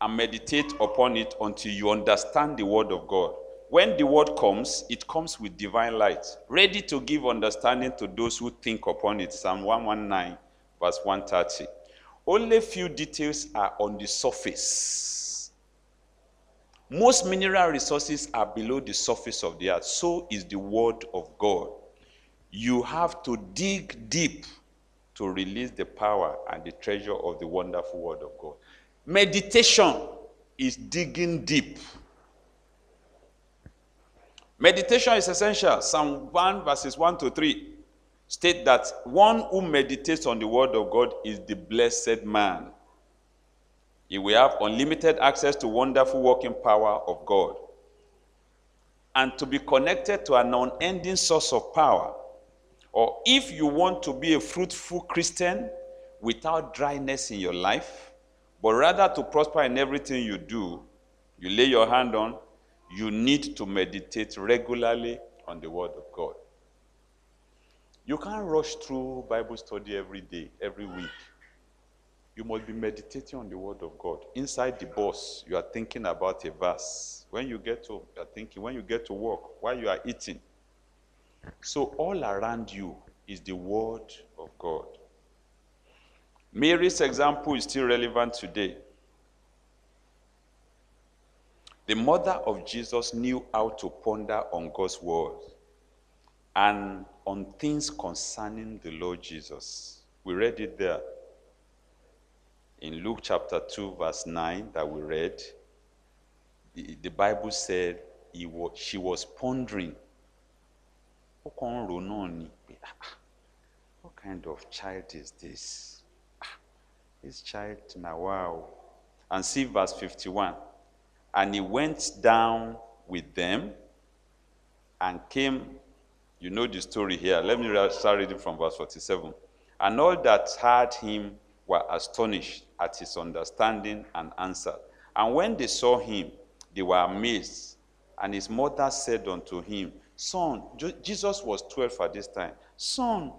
and meditate upon it until you understand the word of God. When the word comes, it comes with divine light, ready to give understanding to those who think upon it. Psalm 119, verse 130. Only few details are on the surface Most mineral resources are below the surface of the earth. So is the word of God. You have to dig deep to release the power and the treasure of the wonderful word of God. Meditation is digging deep. Meditation is essential. Psalm 1 verses 1 to 3 state that one who meditates on the word of God is the blessed man. You will have unlimited access to wonderful working power of God. And to be connected to an unending source of power. Or if you want to be a fruitful Christian without dryness in your life, but rather to prosper in everything you do, you lay your hand on, you need to meditate regularly on the Word of God. You can't rush through Bible study every day, every week. You must be meditating on the word of God. Inside the bus, you are thinking about a verse. When you get to you are thinking, when you get to work, while you are eating. So all around you is the word of God. Mary's example is still relevant today. The mother of Jesus knew how to ponder on God's word and on things concerning the Lord Jesus. We read it there. in Luke chapter 2, verse 9, that we read, the, the Bible said he was, she was pondering. Ah, ah, what kind of child is this? Ah, this child, now wow. And see verse 51. And he went down with them and came. You know the story here. Let me start reading from verse 47. And all that heard him were astonished at his understanding and answer. And when they saw him, they were amazed. And his mother said unto him, Son, Jesus was 12 at this time. Son,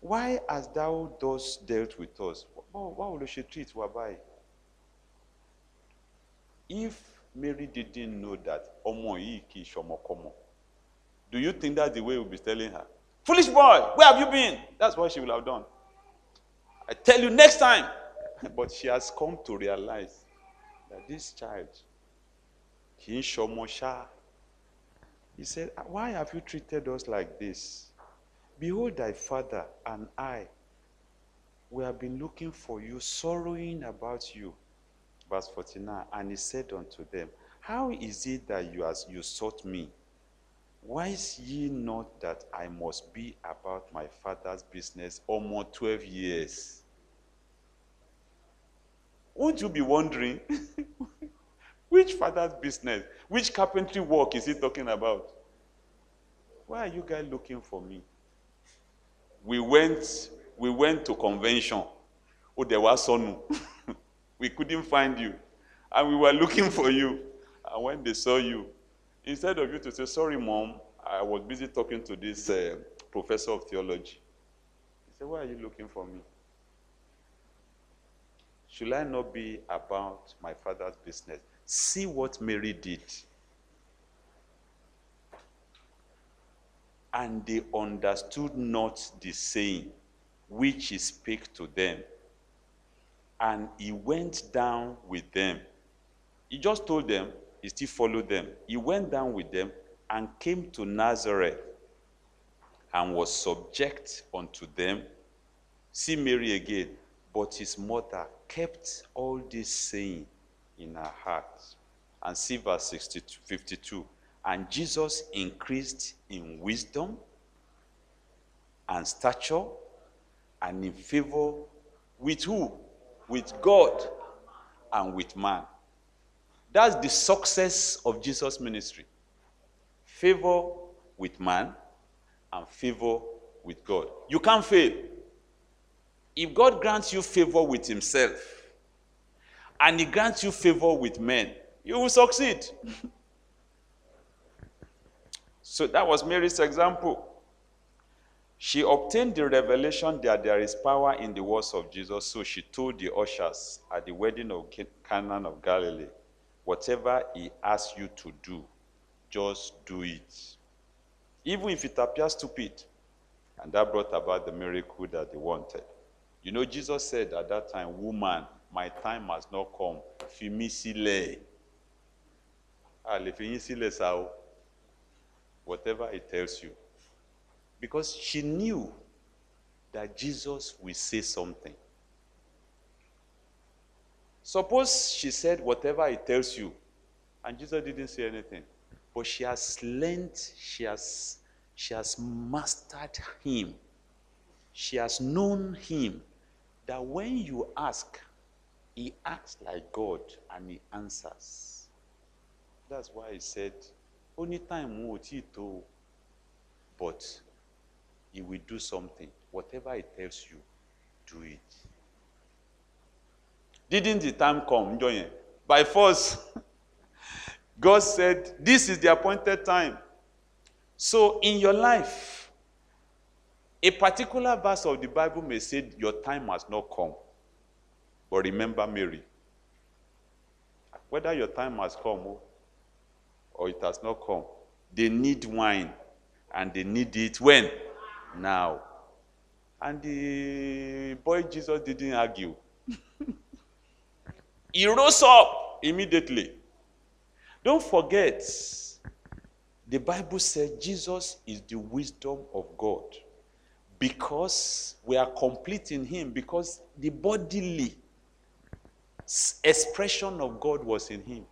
why hast thou thus dealt with us? Why would she treat Wabai? If Mary didn't know that do you think that's the way we'll be telling her? Foolish boy, where have you been? That's what she will have done. I tell you next time. But she has come to realize that this child, King í He said, ah, Why have you treated us like this? Behold, thy father and I, we have been looking for you, sorrowing about you. Verse 49 And he said unto them, How is it that you, you sought me? Why is ye not that I must be about my father's business almost 12 years? Won't you be wondering which father's business, which carpentry work is he talking about? Why are you guys looking for me? We went, we went to convention. Oh, there was Sonu. we couldn't find you. And we were looking for you. And when they saw you, instead of you to say, Sorry, mom, I was busy talking to this uh, professor of theology, he said, Why are you looking for me? Should I not be about my father's business? See what Mary did. And they understood not the saying which he spake to them. And he went down with them. He just told them, he still followed them. He went down with them and came to Nazareth and was subject unto them. See Mary again, but his mother kept all this saying in her heart, And see verse 62, 52. And Jesus increased in wisdom and stature and in favor with who? With God and with man. That's the success of Jesus' ministry. Favor with man and favor with God. You can't fail. If God grants you favor with Himself and He grants you favor with men, you will succeed. so that was Mary's example. She obtained the revelation that there is power in the words of Jesus, so she told the ushers at the wedding of Canaan of Galilee, Whatever he asks you to do, just do it. Even if it appears stupid. And that brought about the miracle that they wanted. You know, Jesus said at that time, Woman, my time has not come. Fi mí sílẹ̀. A lè fi yín Whatever he tells you. Because she knew that Jesus will say something. Suppose she said whatever he tells you, and Jesus didn't say anything. But she has learned, she has, she has mastered him, she has known him, that when you ask, he acts like God and he answers. That's why he said, only time won't he do, but he will do something. Whatever he tells you, do it. Didn't the time come, By force, God said, This is the appointed time. So in your life, A particular verse of the Bible may say, Your time has not come. But remember Mary. Whether your time has come or it has not come, they need wine and they need it when? Now. And the boy Jesus didn't argue. he rose up immediately. Don't forget, the Bible says Jesus is the wisdom of God. because we are complete in him, because the bodily expression of God was in him.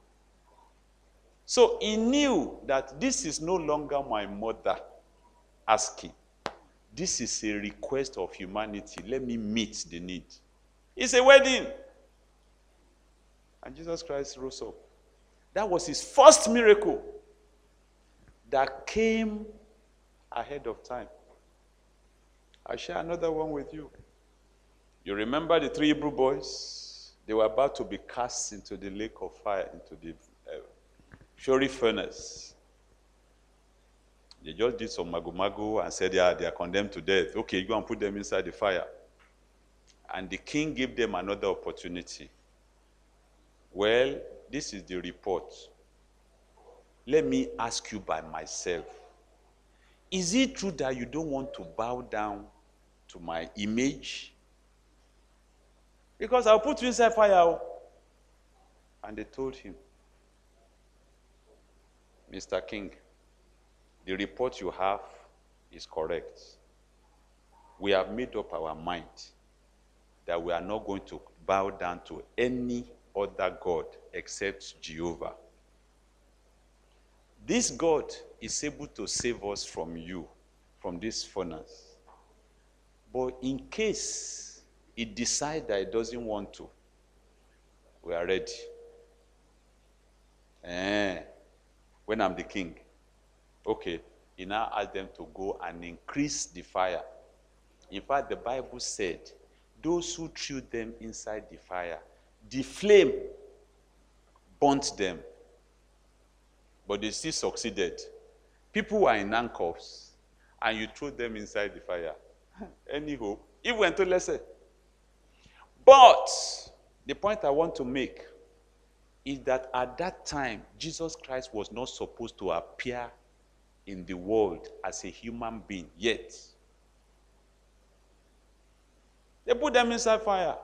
So he knew that this is no longer my mother asking. This is a request of humanity. Let me meet the need. It's a wedding. And Jesus Christ rose up. That was his first miracle that came ahead of time. I'll share another one with you. You remember the three Hebrew boys? They were about to be cast into the lake of fire, into the uh, fury furnace. They just did some magumago and said, Yeah, they are condemned to death. Okay, go and put them inside the fire. And the king gave them another opportunity. Well, this is the report. Let me ask you by myself Is it true that you don't want to bow down to my image. Because I'll put you inside fire. Oh. And they told him, Mr. King, the report you have is correct. We have made up our mind that we are not going to bow down to any other God except Jehovah. This God is able to save us from you, from this furnace. But in case it decides that it doesn't want to, we are ready. Eh, when I'm the king, okay, he now asked them to go and increase the fire. In fact, the Bible said, those who threw them inside the fire, the flame burnt them. But they still succeeded. People were in handcuffs, and you threw them inside the fire. any hope if we to lesser. But the point I want to make is that at that time, Jesus Christ was not supposed to appear in the world as a human being yet. They put them inside fire.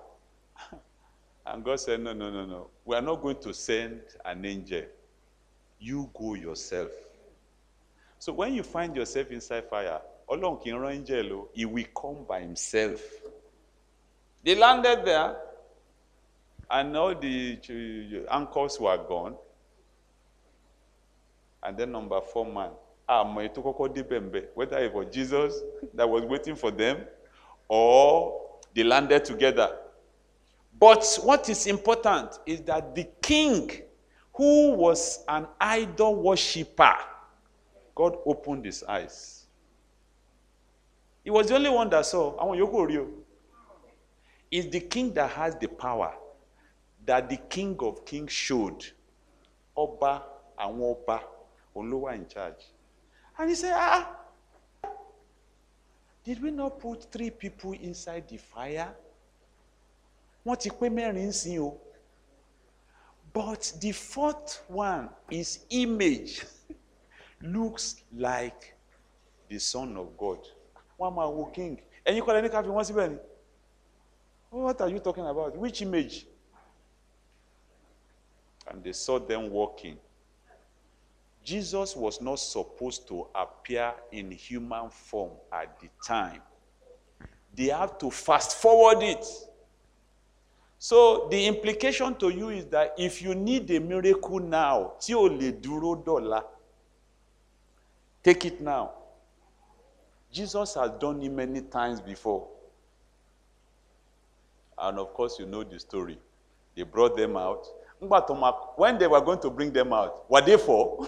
and God said, No, no, no, no. We are not going to send an angel. You go yourself. So when you find yourself inside fire, ọlọ́run kì í rán angel o he will come by himself they landed there and all the anchors eh, were gone and then number four man àmọ́ ètò kọ́kọ́ débẹ̀ ń whether it was Jesus that was waiting for them or they landed together but what is important is that the king who was an idol worshiper God opened his eyes. He was the only one that saw. I want ò rí It's the king that has the power that the king of kings showed. Oba and ọba òun ló in charge. And he said, ah, ah, did we not put three people inside the fire? Wọ́n ti pé mẹ́rin ń o. But the fourth one, his image looks like the son of God wọ́n á máa wo king ẹ̀yin kọ́lẹ́ ní ká fi wọ́n síbẹ̀ ni what are you talking about which image and they saw them walking Jesus was not supposed to appear in human form at the time they have to fast forward it. So the implication to you is that if you need a miracle now, tí o lè dúró dọ̀la, take it now. Jesus has done it many times before. And of course, you know the story. They brought them out. When they were going to bring them out, were they for?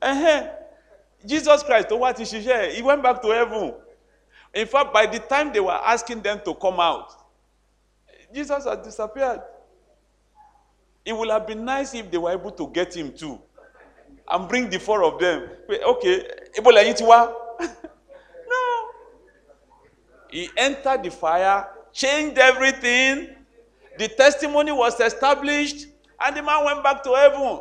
Jesus Christ, what is he share? He went back to heaven. In fact, by the time they were asking them to come out, Jesus had disappeared. It would have been nice if they were able to get him too and bring the four of them. Okay, Ebola, you He entered the fire, changed everything. The testimony was established, and the man went back to heaven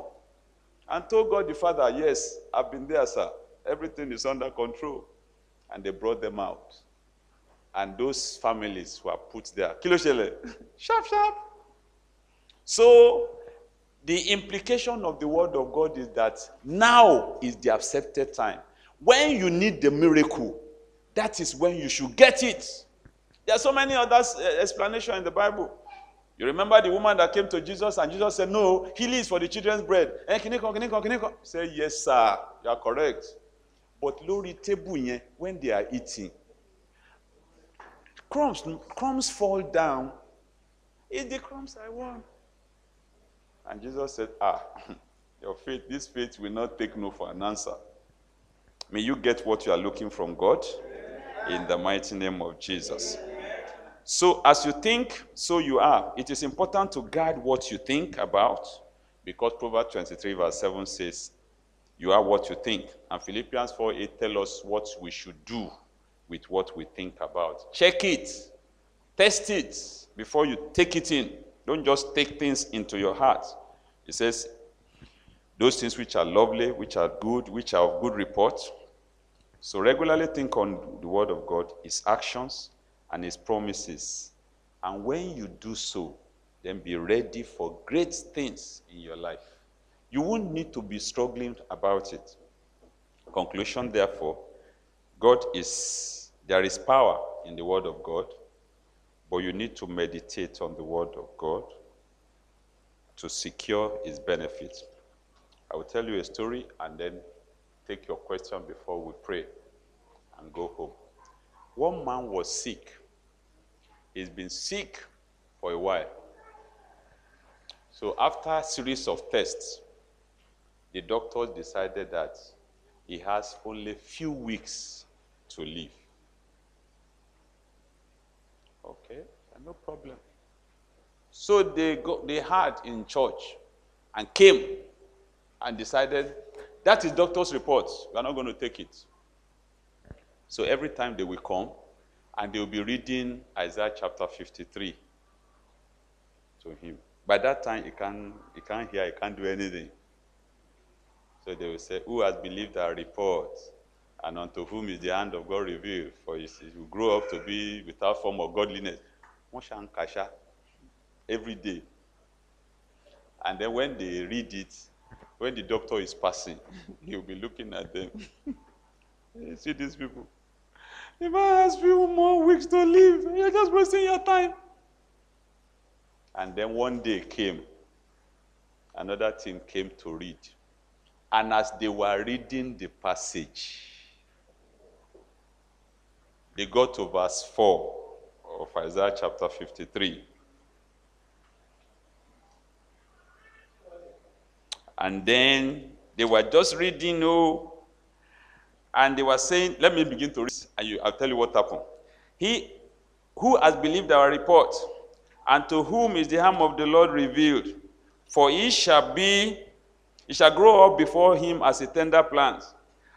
and told God the Father, Yes, I've been there, sir. Everything is under control. And they brought them out. And those families were put there. Kiloshele, sharp, sharp. So, the implication of the word of God is that now is the accepted time. When you need the miracle, that is when you should get it. There are so many other eh, explanations in the Bible. You remember the woman that came to Jesus and Jesus said, No, he lives for the children's bread. Eh, can you come, can you come, can you come? Say, Yes, sir, you are correct. But Lori Tebuye, when they are eating, crumbs, crumbs fall down. Eat the crumbs I want. And Jesus said, Ah, your faith, this faith will not take no for an answer. May you get what you are looking from God. Amen. in the mighty name of Jesus. So, as you think, so you are. It is important to guard what you think about because Proverbs 23, verse 7 says, You are what you think. And Philippians 4 8 tells us what we should do with what we think about. Check it, test it before you take it in. Don't just take things into your heart. It says, Those things which are lovely, which are good, which are of good report, so regularly think on the Word of God, His actions, and His promises. And when you do so, then be ready for great things in your life. You won't need to be struggling about it. Conclusion, therefore, God is, there is power in the Word of God, but you need to meditate on the Word of God to secure His benefits. I will tell you a story and then take your question before we pray and go home. One man was sick. He's been sick for a while. So after a series of tests, the doctors decided that he has only few weeks to live. Okay, no problem. So they, got, they had in church and came and decided That is doctor's report. We are not going to take it. So every time they will come, and they will be reading Isaiah chapter 53 to him. By that time, he can't, he can't hear, he can't do anything. So they will say, Who has believed our report? And unto whom is the hand of God revealed? For he will grow up to be without form of godliness. Mosha and every day. And then when they read it, when the doctor is passing, he'll be looking at them. you see these people. The man has few more weeks to live. You're just wasting your time. And then one day came. Another team came to read. And as they were reading the passage, they got to verse 4 of Isaiah chapter 53. And then they were just reading, oh, and they were saying, let me begin to read, and you, I'll tell you what happened. He who has believed our report, and to whom is the hand of the Lord revealed, for he shall be, he shall grow up before him as a tender plant,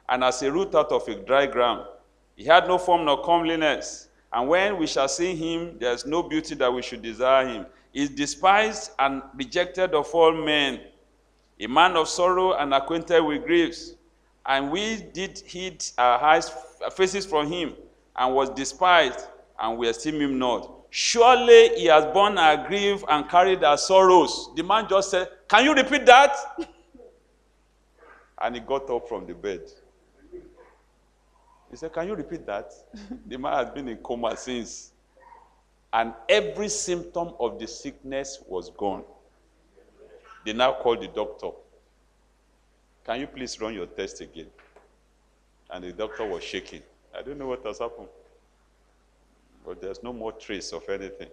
and as a root out of a dry ground. He had no form nor comeliness, and when we shall see him, there is no beauty that we should desire him. He is despised and rejected of all men a man of sorrow and acquainted with griefs. And we did hid our eyes, faces from him, and was despised, and we esteemed him not. Surely he has borne our grief and carried our sorrows. The man just said, Can you repeat that? and he got up from the bed. He said, Can you repeat that? the man has been in coma since. And every symptom of the sickness was gone. They now called the doctor. Can you please run your test again? And the doctor was shaking. I don't know what has happened. But there's no more trace of anything.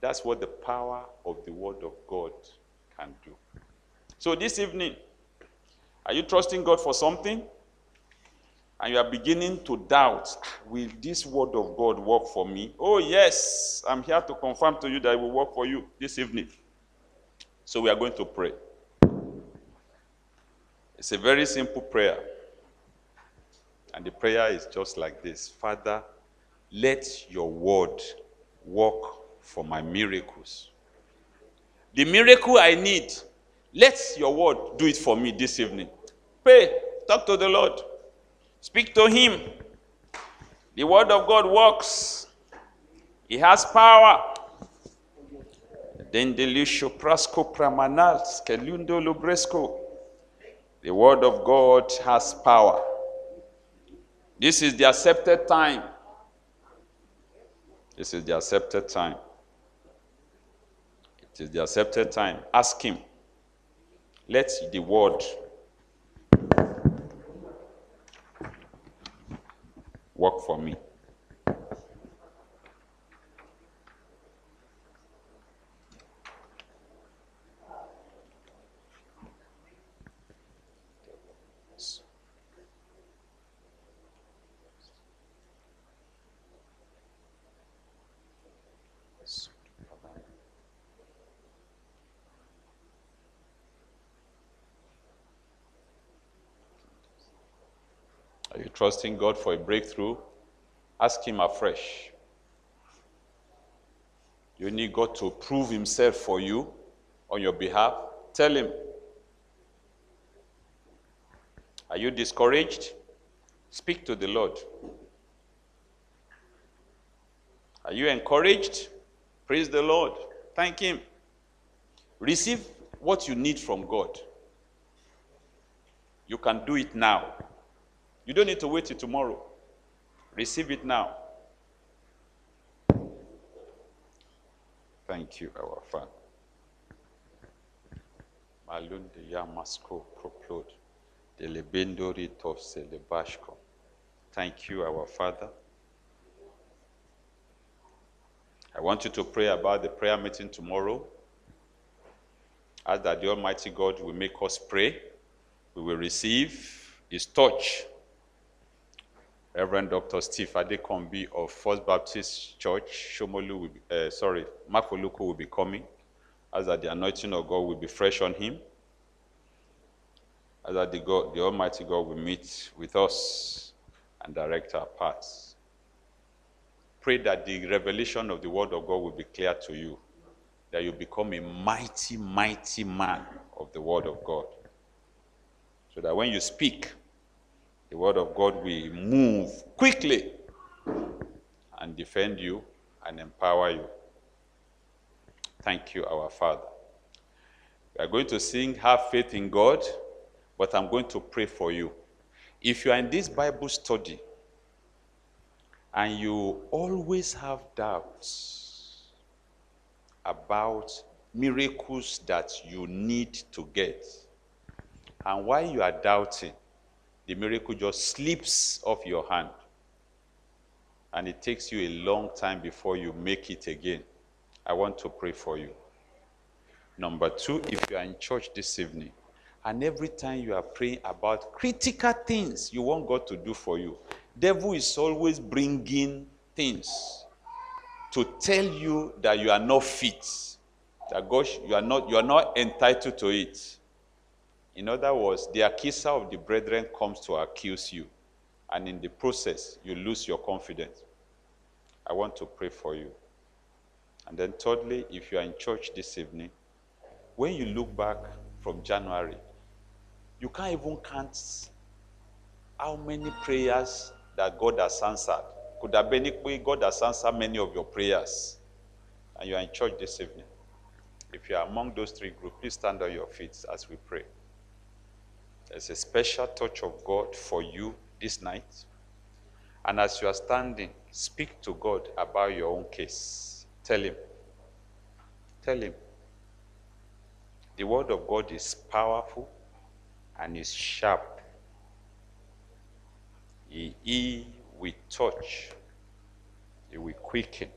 That's what the power of the Word of God can do. So this evening, are you trusting God for something? And you are beginning to doubt, ah, will this word of God work for me? Oh, yes, I'm here to confirm to you that it will work for you this evening. So we are going to pray. It's a very simple prayer. And the prayer is just like this Father, let your word work for my miracles. The miracle I need, let your word do it for me this evening. Pray, talk to the Lord, speak to Him. The word of God works, He has power. Dendelusho prasco pramanal skelundo lubresco. The word of God has power. This is the accepted time. This is the accepted time. It is the accepted time. Ask him. Let the word work for me. trusting God for a breakthrough, ask Him afresh. You need God to prove Himself for you on your behalf. Tell Him. Are you discouraged? Speak to the Lord. Are you encouraged? Praise the Lord. Thank Him. Receive what you need from God. You can do it now. You don't need to wait till tomorrow. Receive it now. Thank you, our Father. Malunde Yamasko Proplod, Delebendori Tofse Lebashko. Thank you, our Father. I want you to pray about the prayer meeting tomorrow. Ask that the Almighty God will make us pray. We will receive His touch Reverend Dr. Steve Adekombi of First Baptist Church, Shomolu, will be, uh, sorry, Makoluku will be coming, as that the anointing of God will be fresh on him, as that the, God, the Almighty God will meet with us and direct our paths. Pray that the revelation of the Word of God will be clear to you, that you become a mighty, mighty man of the Word of God, so that when you speak, The word of God will move quickly and defend you and empower you. Thank you, our Father. We are going to sing Have Faith in God, but I'm going to pray for you. If you are in this Bible study and you always have doubts about miracles that you need to get, and why you are doubting, the miracle just slips off your hand. And it takes you a long time before you make it again. I want to pray for you. Number two, if you are in church this evening, and every time you are praying about critical things you want God to do for you, devil is always bringing things to tell you that you are not fit, that God, you are not, you are not entitled to it. In other words, the accuser of the brethren comes to accuse you, and in the process, you lose your confidence. I want to pray for you. And then, thirdly, if you are in church this evening, when you look back from January, you can't even count how many prayers that God has answered. Could have been equally God has answered many of your prayers. And you are in church this evening. If you are among those three groups, please stand on your feet as we pray. There's a special touch of God for you this night. And as you are standing, speak to God about your own case. Tell Him. Tell Him. The Word of God is powerful and is sharp. He, he will touch, He will quicken.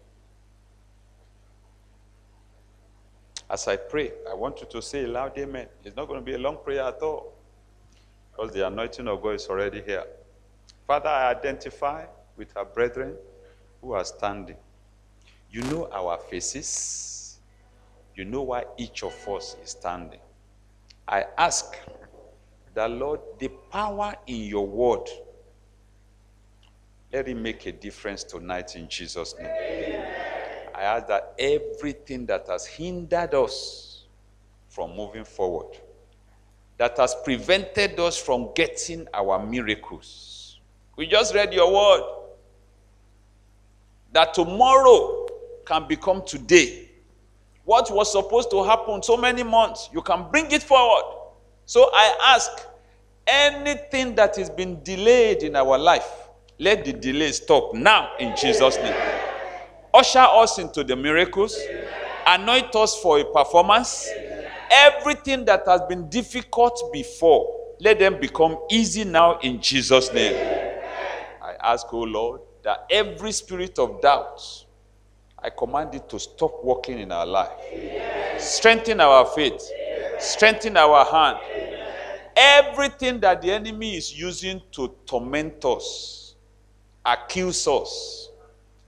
As I pray, I want you to say loud Amen. It's not going to be a long prayer at all because the anointing of God is already here. Father, I identify with our brethren who are standing. You know our faces, you know why each of us is standing. I ask that, Lord, the power in your word, let it make a difference tonight in Jesus' name. Amen. I ask that everything that has hindered us from moving forward, that has prevented us from getting our miracles. We just read your word that tomorrow can become today. What was supposed to happen so many months, you can bring it forward. So I ask anything that has been delayed in our life, let the delay stop now in Jesus' name. Usher us into the miracles, anoint us for a performance. everything that has been difficult before, let them become easy now in Jesus' name. I ask, O oh Lord, that every spirit of doubt, I command it to stop working in our life. Strengthen our faith. Strengthen our hand. Everything that the enemy is using to torment us, accuse us,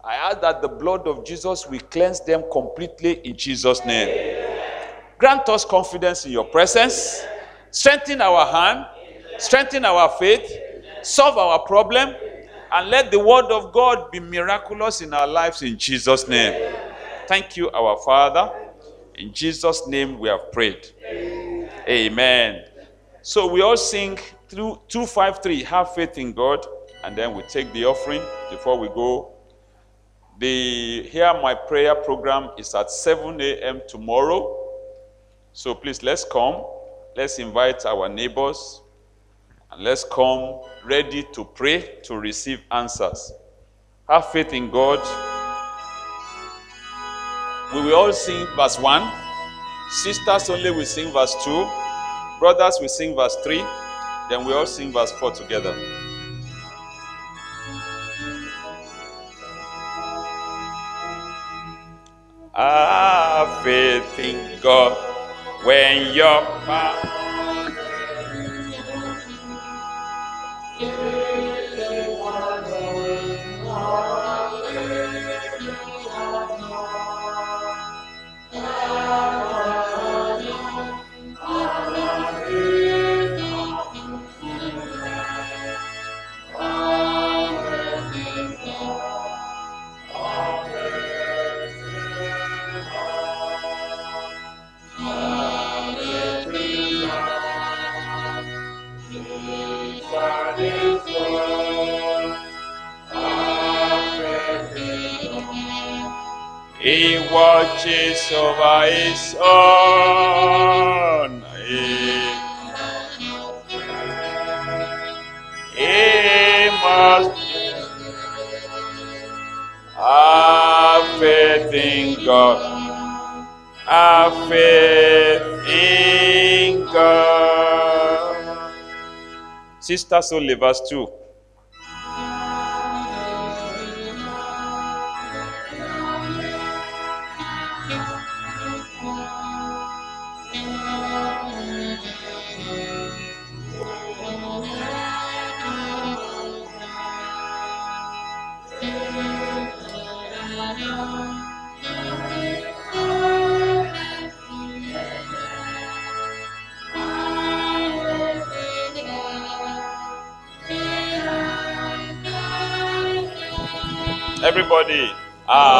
I ask that the blood of Jesus will cleanse them completely in Jesus' name. Grant us confidence in your presence. Strengthen our hand. Strengthen our faith. Solve our problem. And let the word of God be miraculous in our lives in Jesus' name. Thank you, our Father. In Jesus' name we have prayed. Amen. Amen. So we all sing through 253, have faith in God, and then we take the offering before we go. The Hear My Prayer program is at 7 a.m. tomorrow. So please, let's come. Let's invite our neighbors. And let's come ready to pray to receive answers. Have faith in God. We will all sing verse 1. Sisters only will sing verse 2. Brothers will sing verse 3. Then we all sing verse 4 together. Have faith in God when your power watches over his own. He, he must have faith in God. Have faith in God. Sister Soul, verse 2. ಆ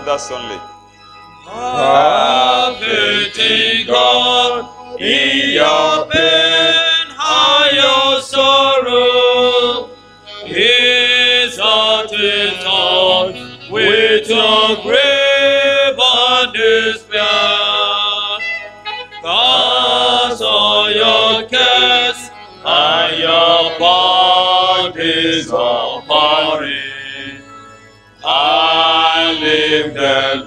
brothers only.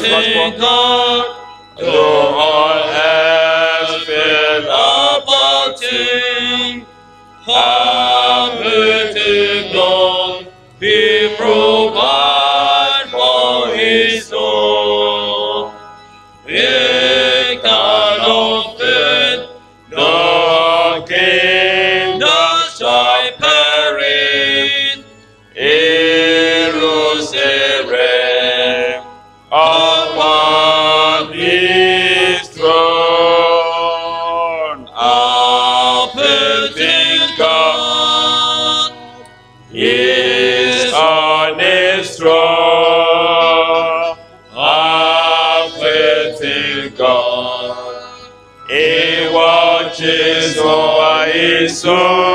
what is for God, all sois.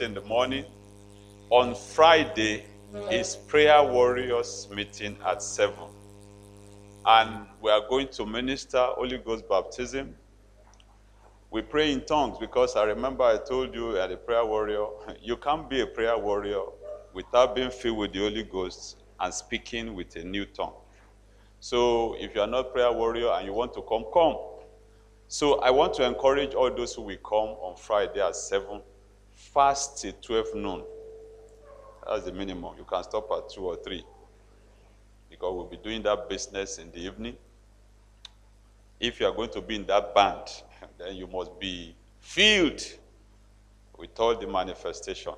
in the morning. On Friday is prayer warriors meeting at 7. And we are going to minister Holy Ghost baptism. We pray in tongues because I remember I told you at a prayer warrior, you can't be a prayer warrior without being filled with the Holy Ghost and speaking with a new tongue. So if you are not prayer warrior and you want to come, come. So I want to encourage all those who will come on Friday at 7 fast till 12 noon. That's the minimum. You can stop at 2 or 3 because we'll be doing that business in the evening. If you are going to be in that band, then you must be filled with all the manifestation.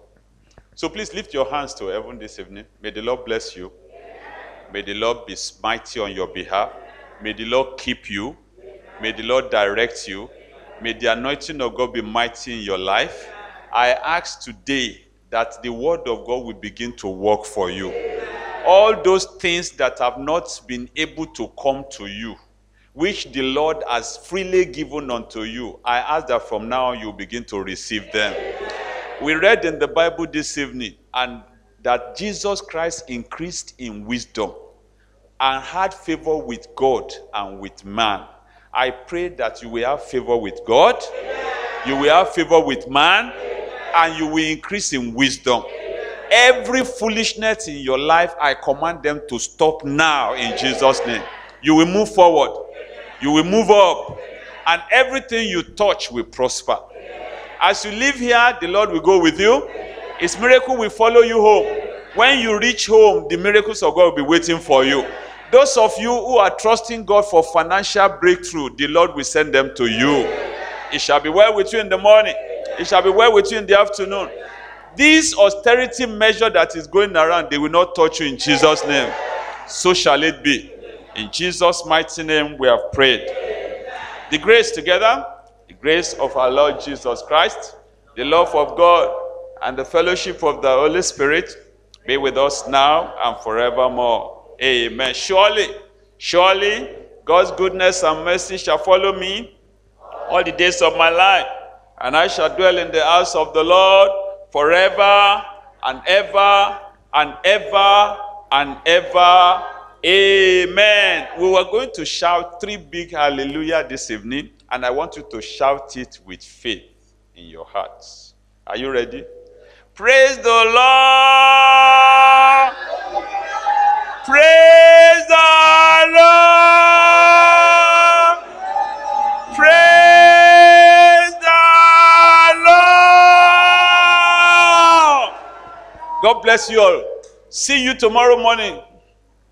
So please lift your hands to heaven this evening. May the Lord bless you. May the Lord be mighty on your behalf. May the Lord keep you. May the Lord direct you. May the anointing of God be mighty in your life. I ask today that the word of God will begin to work for you. All those things that have not been able to come to you, which the Lord has freely given unto you, I ask that from now you begin to receive them. We read in the Bible this evening and that Jesus Christ increased in wisdom and had favor with God and with man. I pray that you will have favor with God, you will have favor with man and you will increase in wisdom. Every foolishness in your life, I command them to stop now in Jesus' name. You will move forward, you will move up, and everything you touch will prosper. As you live here, the Lord will go with you. His miracle will follow you home. When you reach home, the miracles of God will be waiting for you. Those of you who are trusting God for financial breakthrough, the Lord will send them to you. It shall be well with you in the morning. It shall be well with you in the afternoon. This austerity measure that is going around, they will not touch you in Jesus' name. So shall it be. In Jesus' mighty name, we have prayed. The grace together, the grace of our Lord Jesus Christ, the love of God, and the fellowship of the Holy Spirit be with us now and forevermore. Amen. Surely, surely, God's goodness and mercy shall follow me all the days of my life and I shall dwell in the house of the Lord forever and ever and ever and ever. Amen. We were going to shout three big hallelujah this evening, and I want you to shout it with faith in your hearts. Are you ready? Praise the Lord! Praise the Lord! Praise God bless you all. See you tomorrow morning.